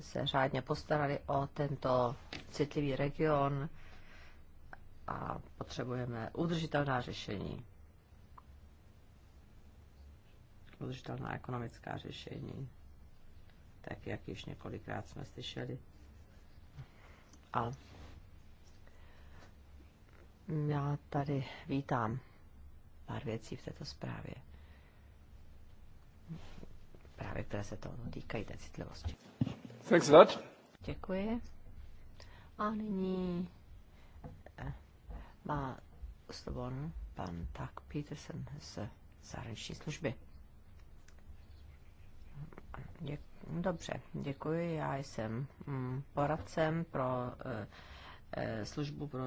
se řádně postarali o tento citlivý region a potřebujeme udržitelná řešení. Udržitelná ekonomická řešení, tak jak již několikrát jsme slyšeli. A já tady vítám pár věcí v této zprávě, právě které se toho týkají té citlivosti. Thanks a lot. Děkuji. A nyní eh, má slovo pan Tak Peterson z zahraniční služby. Děkuji. Dobře, děkuji. Já jsem mm, poradcem pro eh, eh, službu pro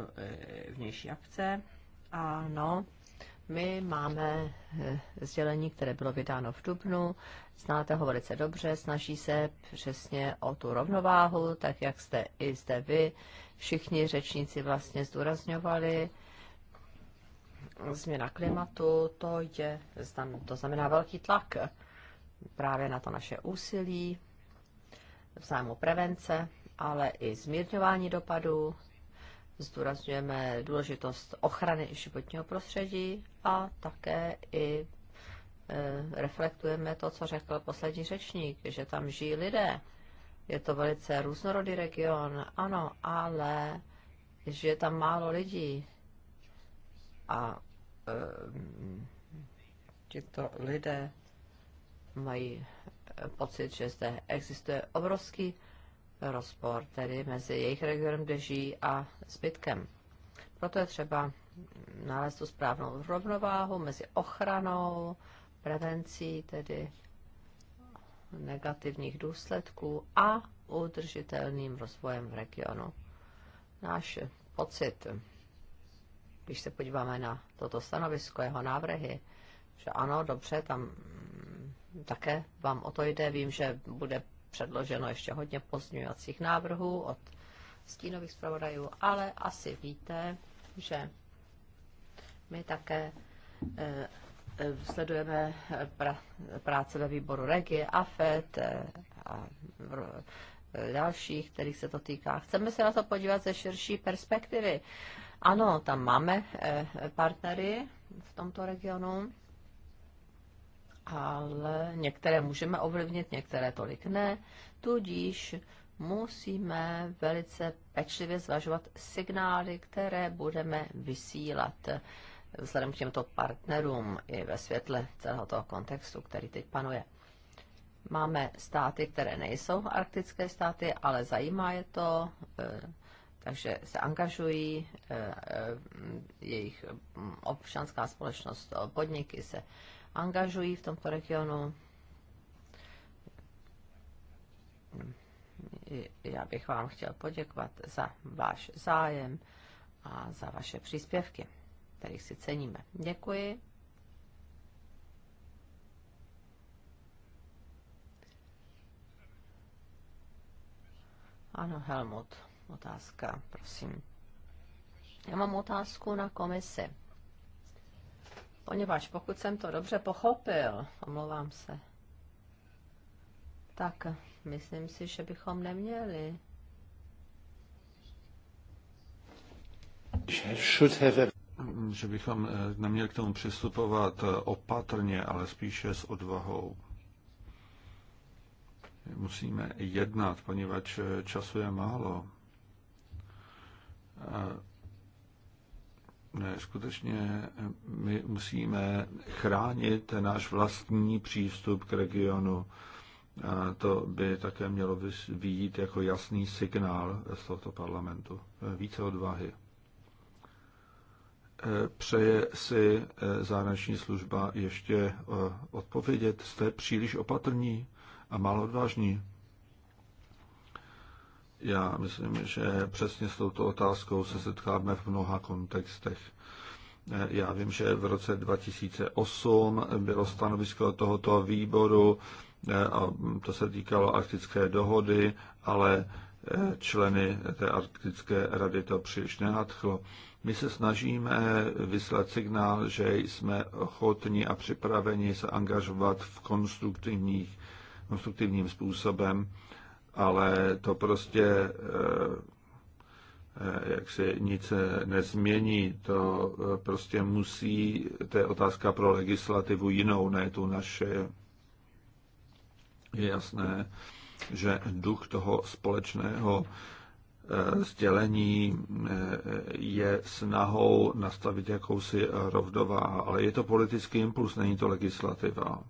vnější akce. Ano, my máme eh, sdělení, které bylo vydáno v Dubnu, znáte ho velice dobře, snaží se přesně o tu rovnováhu, tak jak jste i zde vy, všichni řečníci vlastně zdůrazňovali. Změna klimatu, to, je, to znamená velký tlak právě na to naše úsilí, v prevence, ale i zmírňování dopadů, zdůrazňujeme důležitost ochrany životního prostředí a také i e, reflektujeme to, co řekl poslední řečník, že tam žijí lidé. Je to velice různorodý region, ano, ale že je tam málo lidí. A e, tito lidé mají e, pocit, že zde existuje obrovský rozpor tedy mezi jejich regionem, kde žijí a zbytkem. Proto je třeba nalézt tu správnou rovnováhu mezi ochranou, prevencí tedy negativních důsledků a udržitelným rozvojem v regionu. Náš pocit, když se podíváme na toto stanovisko, jeho návrhy, že ano, dobře, tam také vám o to jde. Vím, že bude předloženo ještě hodně pozměňovacích návrhů od stínových zpravodajů, ale asi víte, že my také eh, eh, sledujeme pra, práce ve výboru Regie, AFET eh, a dalších, kterých se to týká. Chceme se na to podívat ze širší perspektivy. Ano, tam máme partnery v tomto regionu ale některé můžeme ovlivnit, některé tolik ne, tudíž musíme velice pečlivě zvažovat signály, které budeme vysílat vzhledem k těmto partnerům i ve světle celého toho kontextu, který teď panuje. Máme státy, které nejsou arktické státy, ale zajímá je to, eh, takže se angažují, eh, eh, jejich mm, občanská společnost, podniky se angažují v tomto regionu. Já bych vám chtěl poděkovat za váš zájem a za vaše příspěvky, kterých si ceníme. Děkuji. Ano, Helmut, otázka, prosím. Já mám otázku na komisi poněvadž pokud jsem to dobře pochopil, omlouvám se, tak myslím si, že bychom neměli. Že bychom eh, neměli k tomu přistupovat eh, opatrně, ale spíše s odvahou. Musíme jednat, poněvadž eh, času je málo skutečně my musíme chránit náš vlastní přístup k regionu. A to by také mělo vyjít jako jasný signál z tohoto parlamentu. Více odvahy. E, přeje si e, zahraniční služba ještě e, odpovědět, jste příliš opatrní a málo odvážní. Já myslím, že přesně s touto otázkou se setkáme v mnoha kontextech. Já vím, že v roce 2008 bylo stanovisko tohoto výboru, a to se týkalo arktické dohody, ale členy té arktické rady to příliš nenadchlo. My se snažíme vyslat signál, že jsme ochotni a připraveni se angažovat v konstruktivních, konstruktivním způsobem ale to prostě eh, eh, jak se nic nezmění, to eh, prostě musí, to je otázka pro legislativu jinou, ne tu naše. Je jasné, že duch toho společného sdělení je snahou nastavit jakousi rovnováhu. ale je to politický impuls, není to legislativa.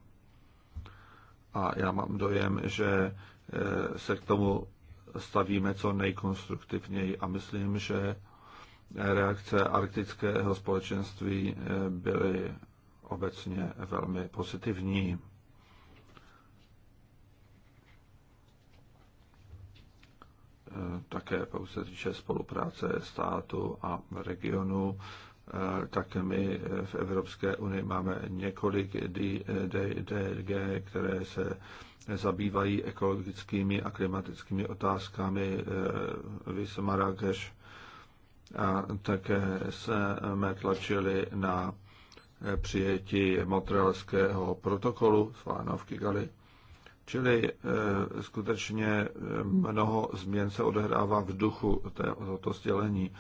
A já mám dojem, že Eh, se k tomu stavíme co nejkonstruktivněji a myslím, že reakce arktického společenství eh, byly obecně velmi pozitivní. Eh, také pouze týče spolupráce státu a regionu, tak my eh, v Evropské unii máme několik DG, které se zabývají ekologickými a klimatickými otázkami eh, v Marrakeš a také jsme tlačili na eh, přijetí Montrealského protokolu, z v Kigali. Čili e, skutečně mnoho změn se odehrává v duchu tohoto sdělení.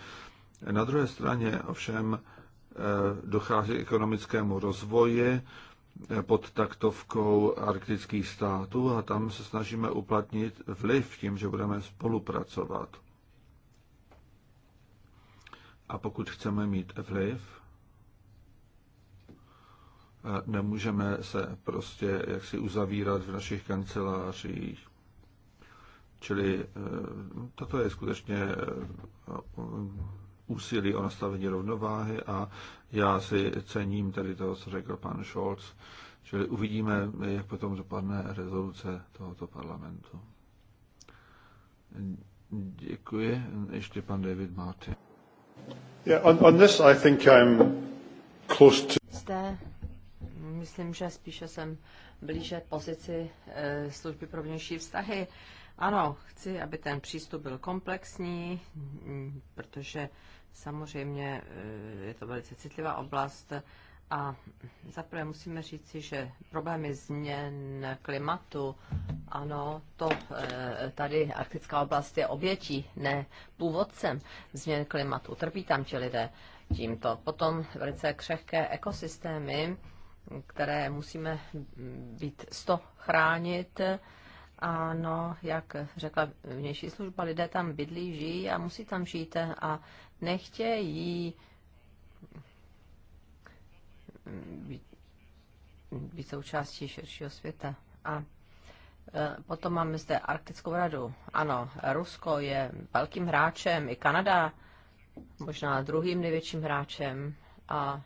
Na druhé straně ovšem eh, dochází ekonomickému rozvoji eh, pod taktovkou arktických států a tam se snažíme uplatnit vliv tím, že budeme spolupracovat. A pokud chceme mít vliv, eh, nemůžeme se prostě jaksi uzavírat v našich kancelářích. Čili toto je skutečně úsilí o nastavení rovnováhy a já si cením tady toho, co řekl pan Scholz. Čili uvidíme, jak potom dopadne rezoluce tohoto parlamentu. Děkuji. Ještě pan David Martin. Yeah, on, on this I think I'm close to... Zde myslím, že spíše jsem blíže pozici eh, služby pro vnější vztahy. Ano, chci, aby ten přístup byl komplexní, protože samozřejmě eh, je to velice citlivá oblast a zaprvé musíme říci, že problémy změn klimatu, ano, to eh, tady arktická oblast je obětí, ne původcem změn klimatu. Trpí tam ti lidé tímto. Potom velice křehké ekosystémy, které musíme být sto chránit, ano, jak řekla vnější služba, lidé tam bydlí, žijí a musí tam žít a nechtějí být, mm, být součástí širšího světa. A e, Potom máme zde Arktickou radu. Ano, Rusko je velkým hráčem, i Kanada možná druhým největším hráčem a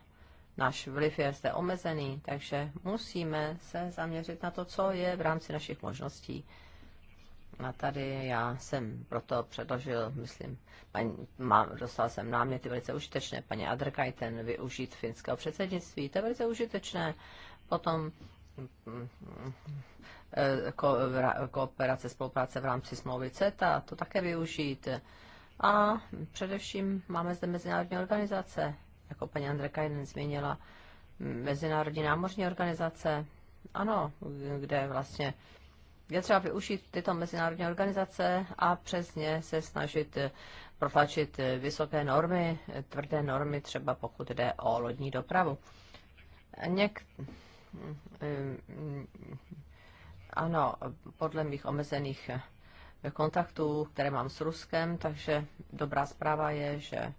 náš vliv je zde omezený, takže musíme se zaměřit na to, co je v rámci našich možností. A tady já jsem proto předložil, myslím, paní, má, dostal jsem náměty velice užitečné, paní Adrkajten, využít finského předsednictví, to je velice užitečné. Potom eh, ko, kooperace, spolupráce v rámci smlouvy CETA, to také využít. A především máme zde mezinárodní organizace, jako paní Andrekainen zmínila, Mezinárodní námořní organizace, ano, kde vlastně je třeba využít tyto mezinárodní organizace a přesně se snažit eh, protlačit eh, vysoké normy, tvrdé normy, třeba pokud jde o lodní dopravu. Něk... Eh, ano, podle mých omezených kontaktů, které mám s Ruskem, takže dobrá zpráva je, že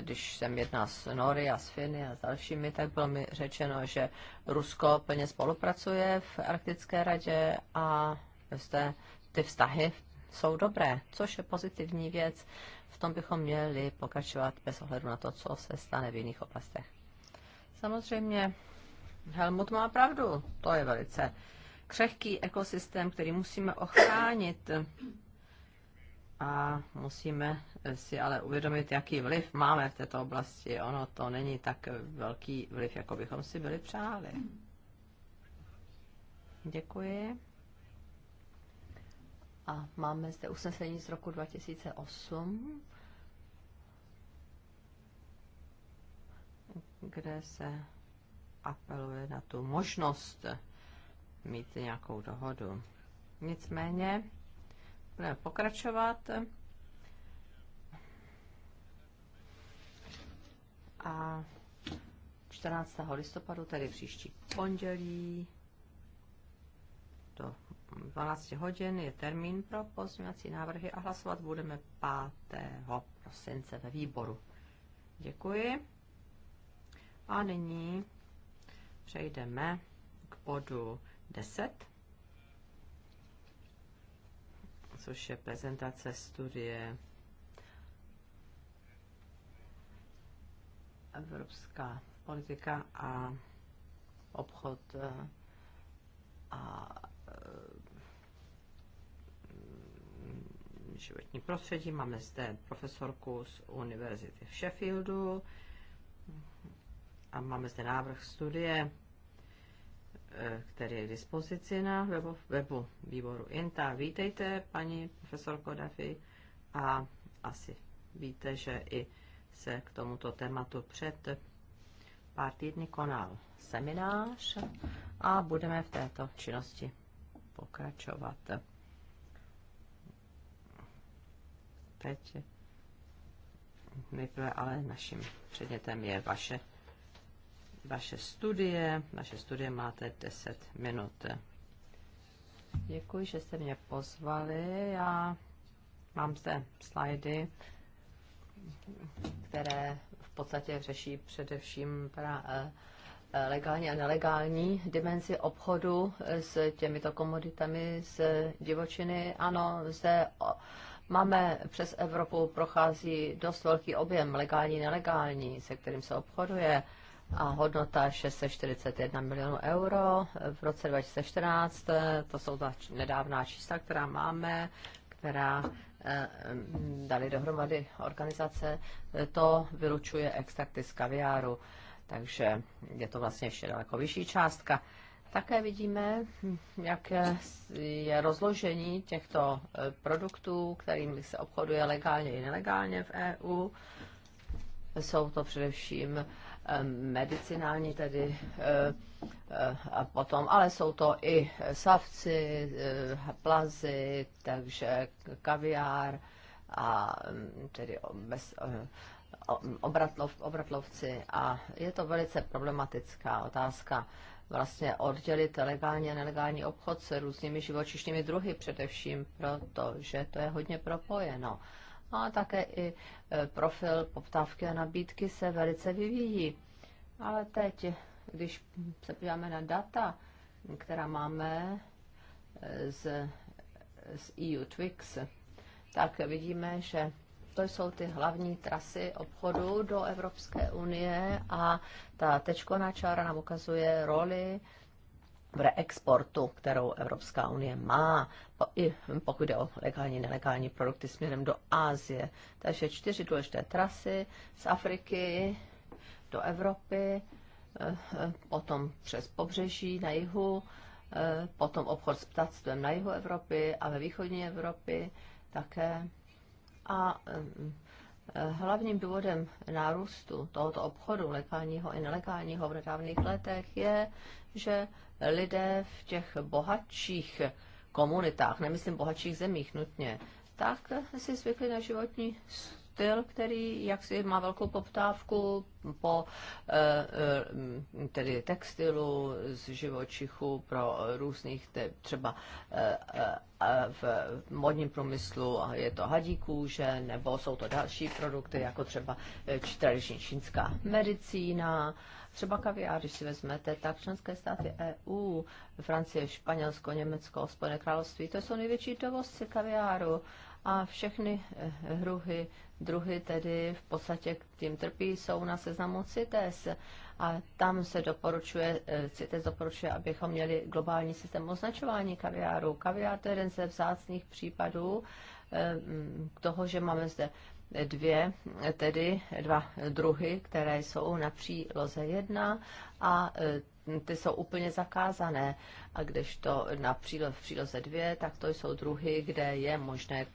když jsem jedná s Nory a s Finy a s dalšími, tak bylo mi řečeno, že Rusko plně spolupracuje v Arktické radě a zde ty vztahy jsou dobré, což je pozitivní věc. V tom bychom měli pokračovat bez ohledu na to, co se stane v jiných oblastech. Samozřejmě Helmut má pravdu, to je velice křehký ekosystém, který musíme ochránit a musíme si ale uvědomit, jaký vliv máme v této oblasti. Ono to není tak velký vliv, jako bychom si byli přáli. Děkuji. A máme zde usnesení z roku 2008, kde se apeluje na tu možnost mít nějakou dohodu. Nicméně budeme pokračovat. A 14. listopadu, tedy příští pondělí, do 12 hodin je termín pro pozměňovací návrhy a hlasovat budeme 5. prosince ve výboru. Děkuji. A nyní přejdeme k bodu 10. což je prezentace studie Evropská politika a obchod eh, a eh, životní prostředí. Máme zde profesorku z Univerzity v Sheffieldu a máme zde návrh studie Eh, který je k dispozici na webu, webu výboru INTA. Vítejte, paní profesorko Dafi, a asi víte, že i se k tomuto tématu před pár týdny konal seminář a budeme v této činnosti pokračovat. Teď nejprve ale naším předmětem je vaše vaše studie. Naše studie máte 10 minut. Děkuji, že jste mě pozvali. Já mám zde slajdy, které v podstatě řeší především pra, eh, eh, legální a nelegální dimenzi obchodu s těmito komoditami z divočiny. Ano, zde máme přes Evropu prochází dost velký objem legální, nelegální, se kterým se obchoduje a hodnota 641 milionů euro v roce 2014. Eh, to jsou ta nedávná čísla, která máme, která eh, dali dohromady organizace. Eh, to vylučuje extrakty z kaviáru, takže je to vlastně ještě daleko vyšší částka. Také vidíme, hm, jak je rozložení těchto produktů, kterými se obchoduje legálně i nelegálně v EU. Jsou to především Ehm, medicinální tedy eh, eh, a potom, ale jsou to i savci, eh, plazy, takže kaviár a ehm, tedy bez, obratlov, obratlovci a je to velice problematická otázka vlastně oddělit legální a nelegální obchod se různými živočišnými druhy především, protože to je hodně propojeno a také i e, profil poptávky a nabídky se velice vyvíjí. Ale teď, když se podíváme na data, která máme e, z, z EU Twix, tak vidíme, že to jsou ty hlavní trasy obchodu do Evropské unie a ta tečkoná čára nám ukazuje roli v reexportu, kterou Evropská unie má, i pokud jde o legální nelegální produkty směrem do Asie. Takže čtyři důležité trasy z Afriky do Evropy, eh, eh, potom přes pobřeží na jihu, eh, potom obchod s ptactvem na jihu Evropy a ve východní Evropy také. A Hlavním důvodem nárůstu tohoto obchodu, legálního i nelegálního v nedávných letech, je, že lidé v těch bohatších komunitách, nemyslím bohatších zemích nutně, tak si zvykli na životní styl, který jaksi má velkou poptávku po eh, eh, tedy textilu z živočichu pro různých třeba eh, v modním průmyslu je to hadí kůže, nebo jsou to další produkty, jako třeba tradiční čínská medicína, Třeba kaviár, když si vezmete, tak členské státy EU, Francie, Španělsko, Německo, Spojené království, to jsou největší dovozci kaviáru a všechny eh, hruhy, druhy tedy v podstatě tím trpí, jsou na seznamu CITES a tam se doporučuje, eh, CITES doporučuje, abychom měli globální systém označování kaviáru. Kaviár to je jeden ze vzácných případů k eh, toho, že máme zde dvě, tedy dva druhy, které jsou na příloze jedna a ty jsou úplně zakázané. A když to na příle, v příloze dvě, tak to jsou druhy, kde je možné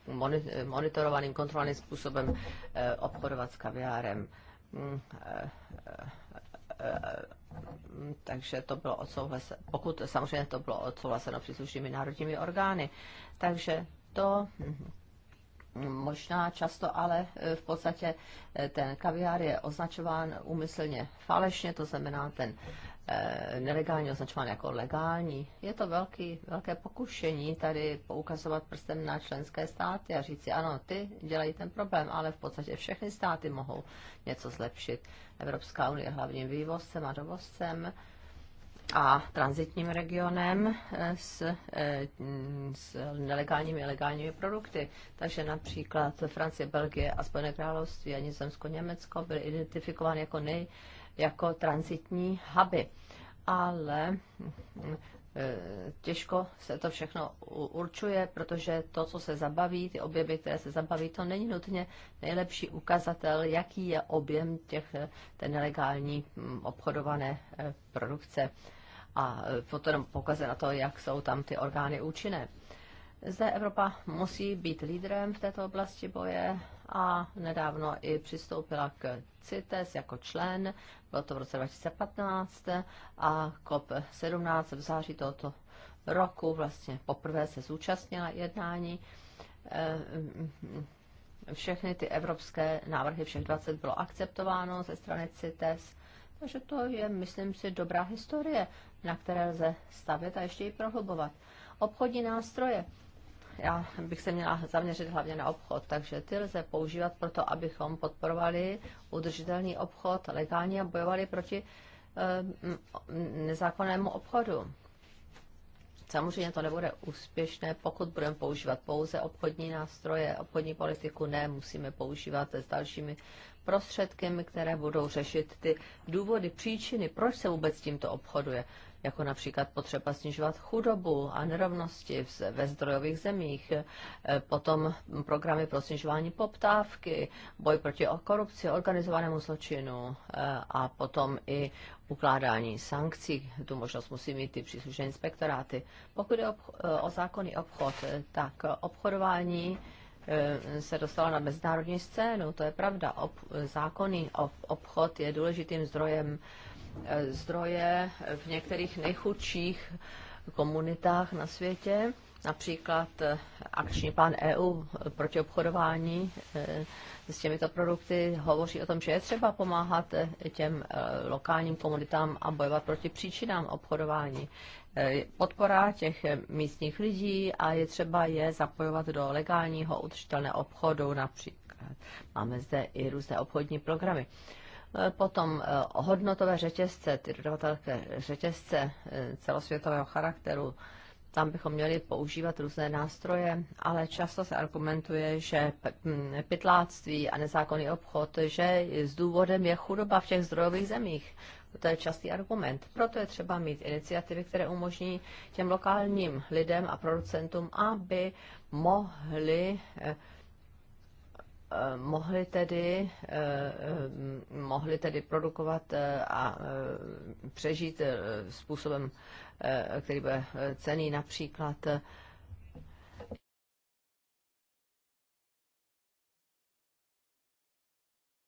monitorovaným, kontrolovaným způsobem eh, obchodovat s kaviárem. Mm, eh, eh, takže to bylo odsouhlaseno, pokud samozřejmě to bylo odsouhlaseno příslušnými národními orgány. Takže to mm, možná často, ale v podstatě ten kaviár je označován úmyslně falešně, to znamená ten Eh, nelegální označován jako legální. Je to velký, velké pokušení tady poukazovat prstem na členské státy a říci, ano, ty dělají ten problém, ale v podstatě všechny státy mohou něco zlepšit. Evropská unie je hlavním vývozcem a dovozcem a transitním regionem eh, s, eh, s nelegálními a legálními produkty. Takže například Francie, Belgie a Spojené království a Nizozemsko, Německo byly identifikovány jako nej jako transitní huby. Ale e, těžko se to všechno určuje, protože to, co se zabaví, ty objemy, které se zabaví, to není nutně nejlepší ukazatel, jaký je objem těch, e, té nelegální mm, obchodované e, produkce a potom pokaze na to, jak jsou tam ty orgány účinné. Zde Evropa musí být lídrem v této oblasti boje a nedávno i přistoupila k CITES jako člen, bylo to v roce 2015 a COP17 v září tohoto roku vlastně poprvé se zúčastnila jednání. Eh, všechny ty evropské návrhy, všech 20 bylo akceptováno ze strany CITES, takže to je, myslím si, dobrá historie, na které lze stavět a ještě ji prohlubovat. Obchodní nástroje já bych se měla zaměřit hlavně na obchod, takže ty lze používat proto, abychom podporovali udržitelný obchod legálně a bojovali proti eh, nezákonnému obchodu. Samozřejmě to nebude úspěšné, pokud budeme používat pouze obchodní nástroje, obchodní politiku ne, musíme používat s dalšími prostředky, které budou řešit ty důvody, příčiny, proč se vůbec tímto obchoduje jako například potřeba snižovat chudobu a nerovnosti ve zdrojových zemích, eh, potom programy pro snižování poptávky, boj proti korupci, organizovanému zločinu eh, a potom i ukládání sankcí. Tu možnost musí mít i příslušné inspektoráty. Pokud je eh, o zákonný obchod, tak obchodování se dostala na mezinárodní scénu. To je pravda. Ob, zákonný ob, obchod je důležitým zdrojem zdroje v některých nejchudších komunitách na světě, například eh, akční plán EU proti obchodování eh, s těmito produkty hovoří o tom, že je třeba pomáhat eh, těm lokálním komunitám a bojovat proti příčinám obchodování. Podpora těch místních lidí a je třeba je zapojovat do legálního udržitelného obchodu například. Máme zde i různé obchodní programy. E, potom e, hodnotové řetězce, ty dodavatelské řetězce e, celosvětového charakteru, tam bychom měli používat různé nástroje, ale často se argumentuje, že pytláctví a nezákonný obchod, že s důvodem je chudoba v těch zdrojových zemích. To je častý argument. Proto je třeba mít iniciativy, které umožní těm lokálním lidem a producentům, aby mohli Eh, mohli tedy, eh, eh, mohli tedy produkovat a přežít způsobem, který bude cený například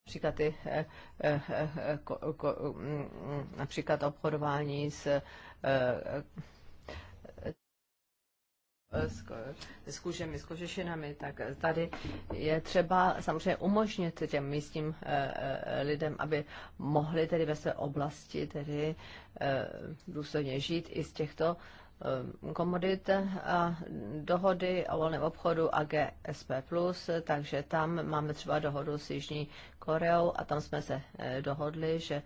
například, ty, mm, například obchodování s s, s kůžemi, s kožešinami, tak tady je třeba samozřejmě umožnit těm místním eh, eh, lidem, aby mohli tedy ve své oblasti tedy eh, důsledně žít i z těchto komodit a dohody o volném obchodu a GSP+, takže tam máme třeba dohodu s Jižní Koreou a tam jsme se dohodli, že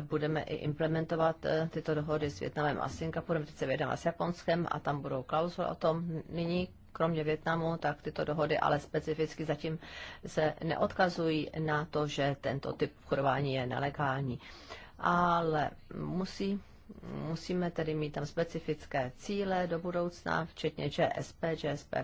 budeme i implementovat eh, tyto dohody s Větnamem a Singapurem, teď se vyjednává s Japonskem a tam budou klauzule o tom. Nyní kromě Větnamu, tak tyto dohody ale specificky zatím se neodkazují na to, že tento typ obchodování je nelegální. Ale musí musíme tedy mít tam specifické cíle do budoucna, včetně GSP, GSP+,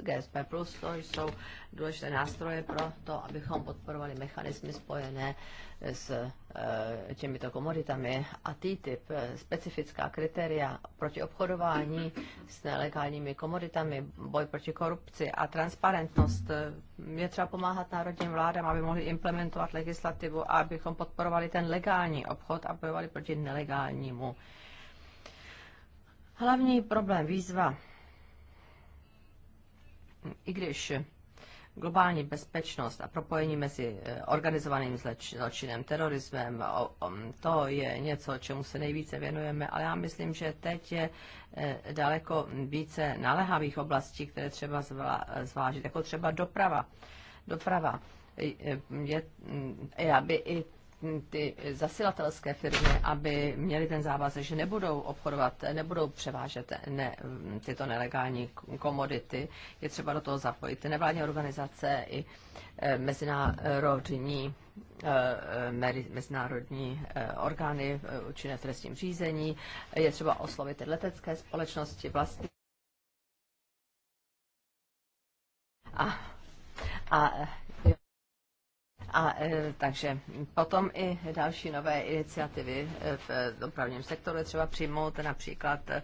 GSP+, to jsou důležité nástroje pro to, abychom podporovali mechanismy spojené s eh, těmito komoditami a TTIP, eh, specifická kritéria proti obchodování s nelegálními komoditami, boj proti korupci a transparentnost. Eh, je třeba pomáhat národním vládám, aby mohli implementovat legislativu a abychom podporovali ten legální obchod a bojovali proti nelegálnímu. Hlavní problém, výzva, i když globální bezpečnost a propojení mezi eh, organizovaným zločinem, terorismem, to je něco, čemu se nejvíce věnujeme, ale já myslím, že teď je eh, daleko více naléhavých oblastí, které třeba zvážit, jako třeba doprava. Doprava je, aby eh, hm, i ty zasilatelské firmy, aby měly ten závazek, že nebudou obchodovat, nebudou převážet ne, tyto nelegální komodity. Je třeba do toho zapojit nevládní organizace i e, mezinárodní, e, e, mezinárodní orgány činné v trestním řízení. Je třeba oslovit letecké společnosti vlastní. A, a a e, takže potom i další nové iniciativy e, v dopravním sektoru třeba přijmout například e,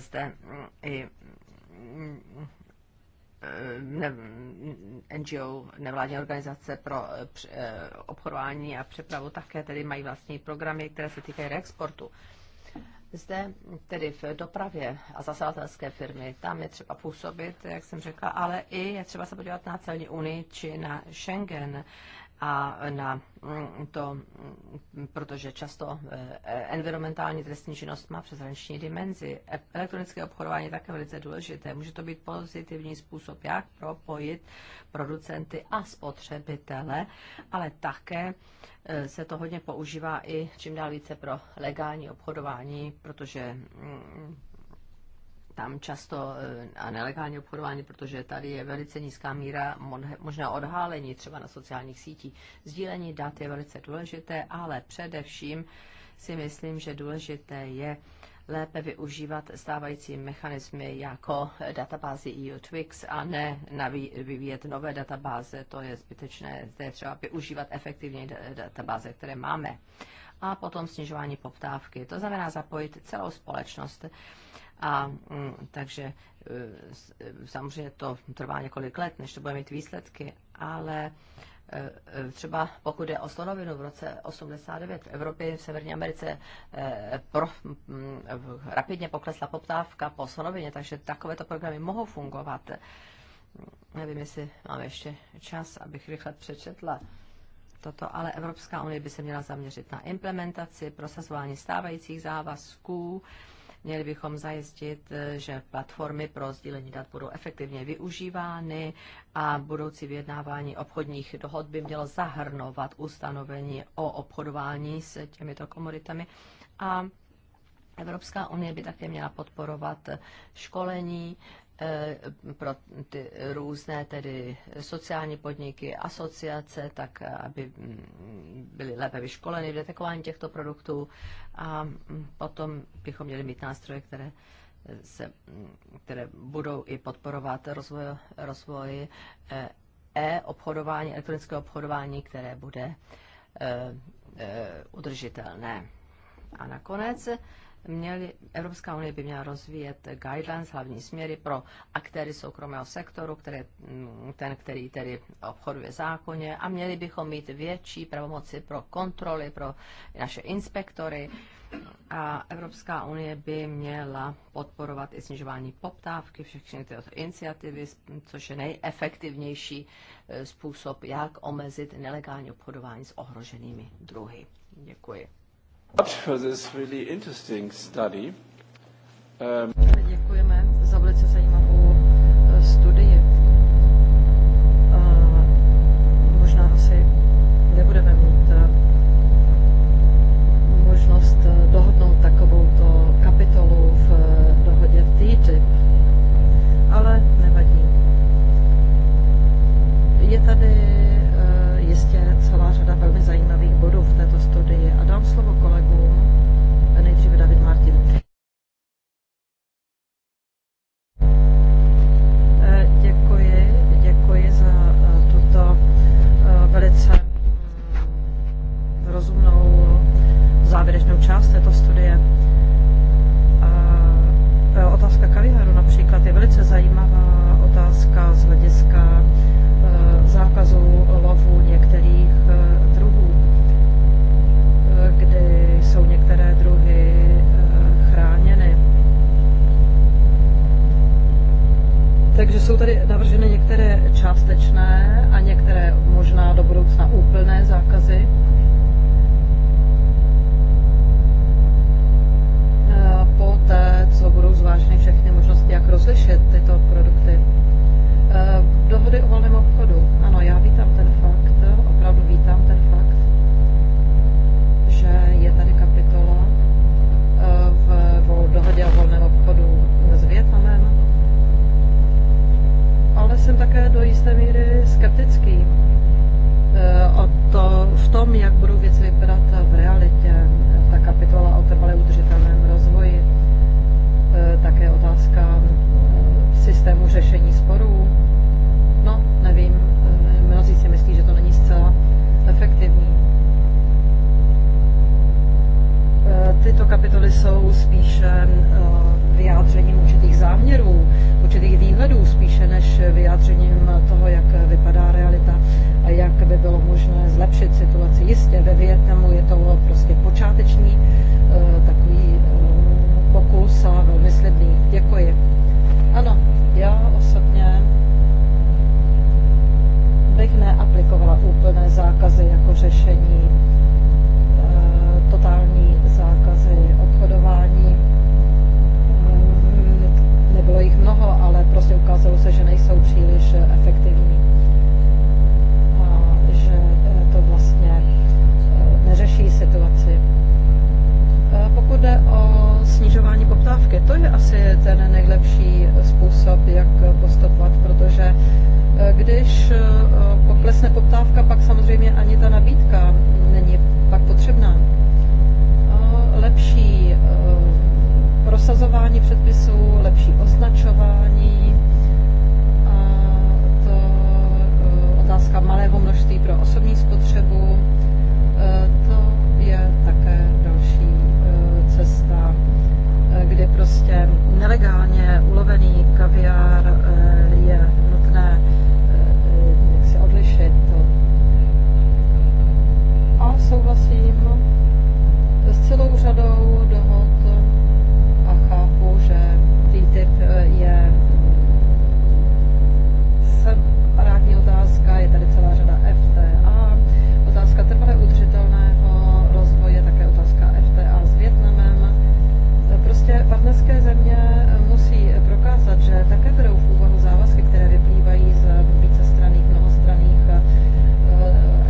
zde i ne, NGO, nevládní organizace pro obchodování a přepravu také tedy mají vlastní programy, které se týkají reexportu. Zde tedy v dopravě a zasadatelské firmy, tam je třeba působit, jak jsem řekla, ale i je třeba se podívat na celní unii či na Schengen, a na mm, to, mm, protože často eh, environmentální trestní činnost má přeshraniční dimenzi. E- elektronické obchodování je také velice důležité. Může to být pozitivní způsob, jak propojit producenty a spotřebitele, ale také eh, se to hodně používá i čím dál více pro legální obchodování, protože mm, tam často eh, a nelegální obchodování, protože tady je velice nízká míra možná odhálení třeba na sociálních sítích. Sdílení dat je velice důležité, ale především si myslím, že důležité je lépe využívat stávající mechanismy jako eh, databázy EU Twix a ne vyvíjet nové databáze, to je zbytečné, to je třeba využívat efektivně databáze, které máme. A potom snižování poptávky, to znamená zapojit celou společnost a mm, takže eh, eh, samozřejmě to trvá několik let, než to bude mít výsledky, ale eh, třeba pokud je o slonovinu v roce 89 v Evropě, v Severní Americe pro, mm, rapidně poklesla poptávka po slonovině, takže takovéto programy mohou fungovat. Nevím, jestli máme ještě čas, abych rychle přečetla toto, ale Evropská unie by se měla zaměřit na implementaci, prosazování stávajících závazků, Měli bychom zajistit, že platformy pro sdílení dat budou efektivně využívány a budoucí vyjednávání obchodních dohod by mělo zahrnovat ustanovení o obchodování s těmito komoditami a Evropská unie by také měla podporovat školení Eh, pro ty různé tedy sociální podniky, asociace, tak eh, aby mm, byly lépe vyškoleny v detekování těchto produktů a mm, potom bychom měli mít nástroje, které eh, se, mm, které budou i podporovat rozvoj, rozvoj e-obchodování, elektronického obchodování, které bude e, e, udržitelné. A nakonec měli, Evropská unie by měla rozvíjet guidelines, hlavní směry pro aktéry soukromého sektoru, které, mm, ten, který tedy obchoduje zákoně a měli bychom mít větší pravomoci pro kontroly, pro naše inspektory a Evropská unie by měla podporovat i snižování poptávky, všechny tyto iniciativy, což je nejefektivnější e, způsob, jak omezit nelegální obchodování s ohroženými druhy. Děkuji. Um, Děkujeme za velice zajímavou eh, studii. dostatečné v tom, jak budou věci vypadat v realitě. Ta kapitola o trvalé udržitelném rozvoji, e, také otázka e, systému řešení sporů. No, nevím, e, mnozí si myslí, že to není zcela efektivní. Tyto kapitoly jsou spíše vyjádřením určitých záměrů, určitých výhledů, spíše než vyjádřením toho, jak vypadá realita a jak by bylo možné zlepšit situaci. Jistě ve Větnamu je to prostě počáteční eh, takový eh, pokus a velmi slibný. Děkuji. Ano, já osobně bych neaplikovala úplné zákazy jako řešení, eh, totální zákazy obchodování bylo jich mnoho, ale prostě ukázalo se, že nejsou příliš eh, efektivní a že eh, to vlastně eh, neřeší situaci. Pokud jde o snižování poptávky, to je asi ten nejlepší způsob, jak postupovat, protože když poklesne poptávka, pak samozřejmě ani ta nabídka není pak potřebná. Lepší prosazování předpisů, lepší označování a to e, otázka malého množství pro osobní spotřebu, e, to je také další e, cesta, kde prostě nelegálně ulovený kaviár je nutné si odlišit. A souhlasím s celou řadou do Eh, je separátní otázka, je tady celá řada FTA, otázka trvale udržitelného rozvoje, také otázka FTA s Větnamem. Eh, prostě partnerské země eh, musí prokázat, že také berou v úvahu závazky, které vyplývají z vícestranných, mnohostranných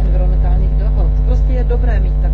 environmentálních dohod. Prostě je dobré mít tak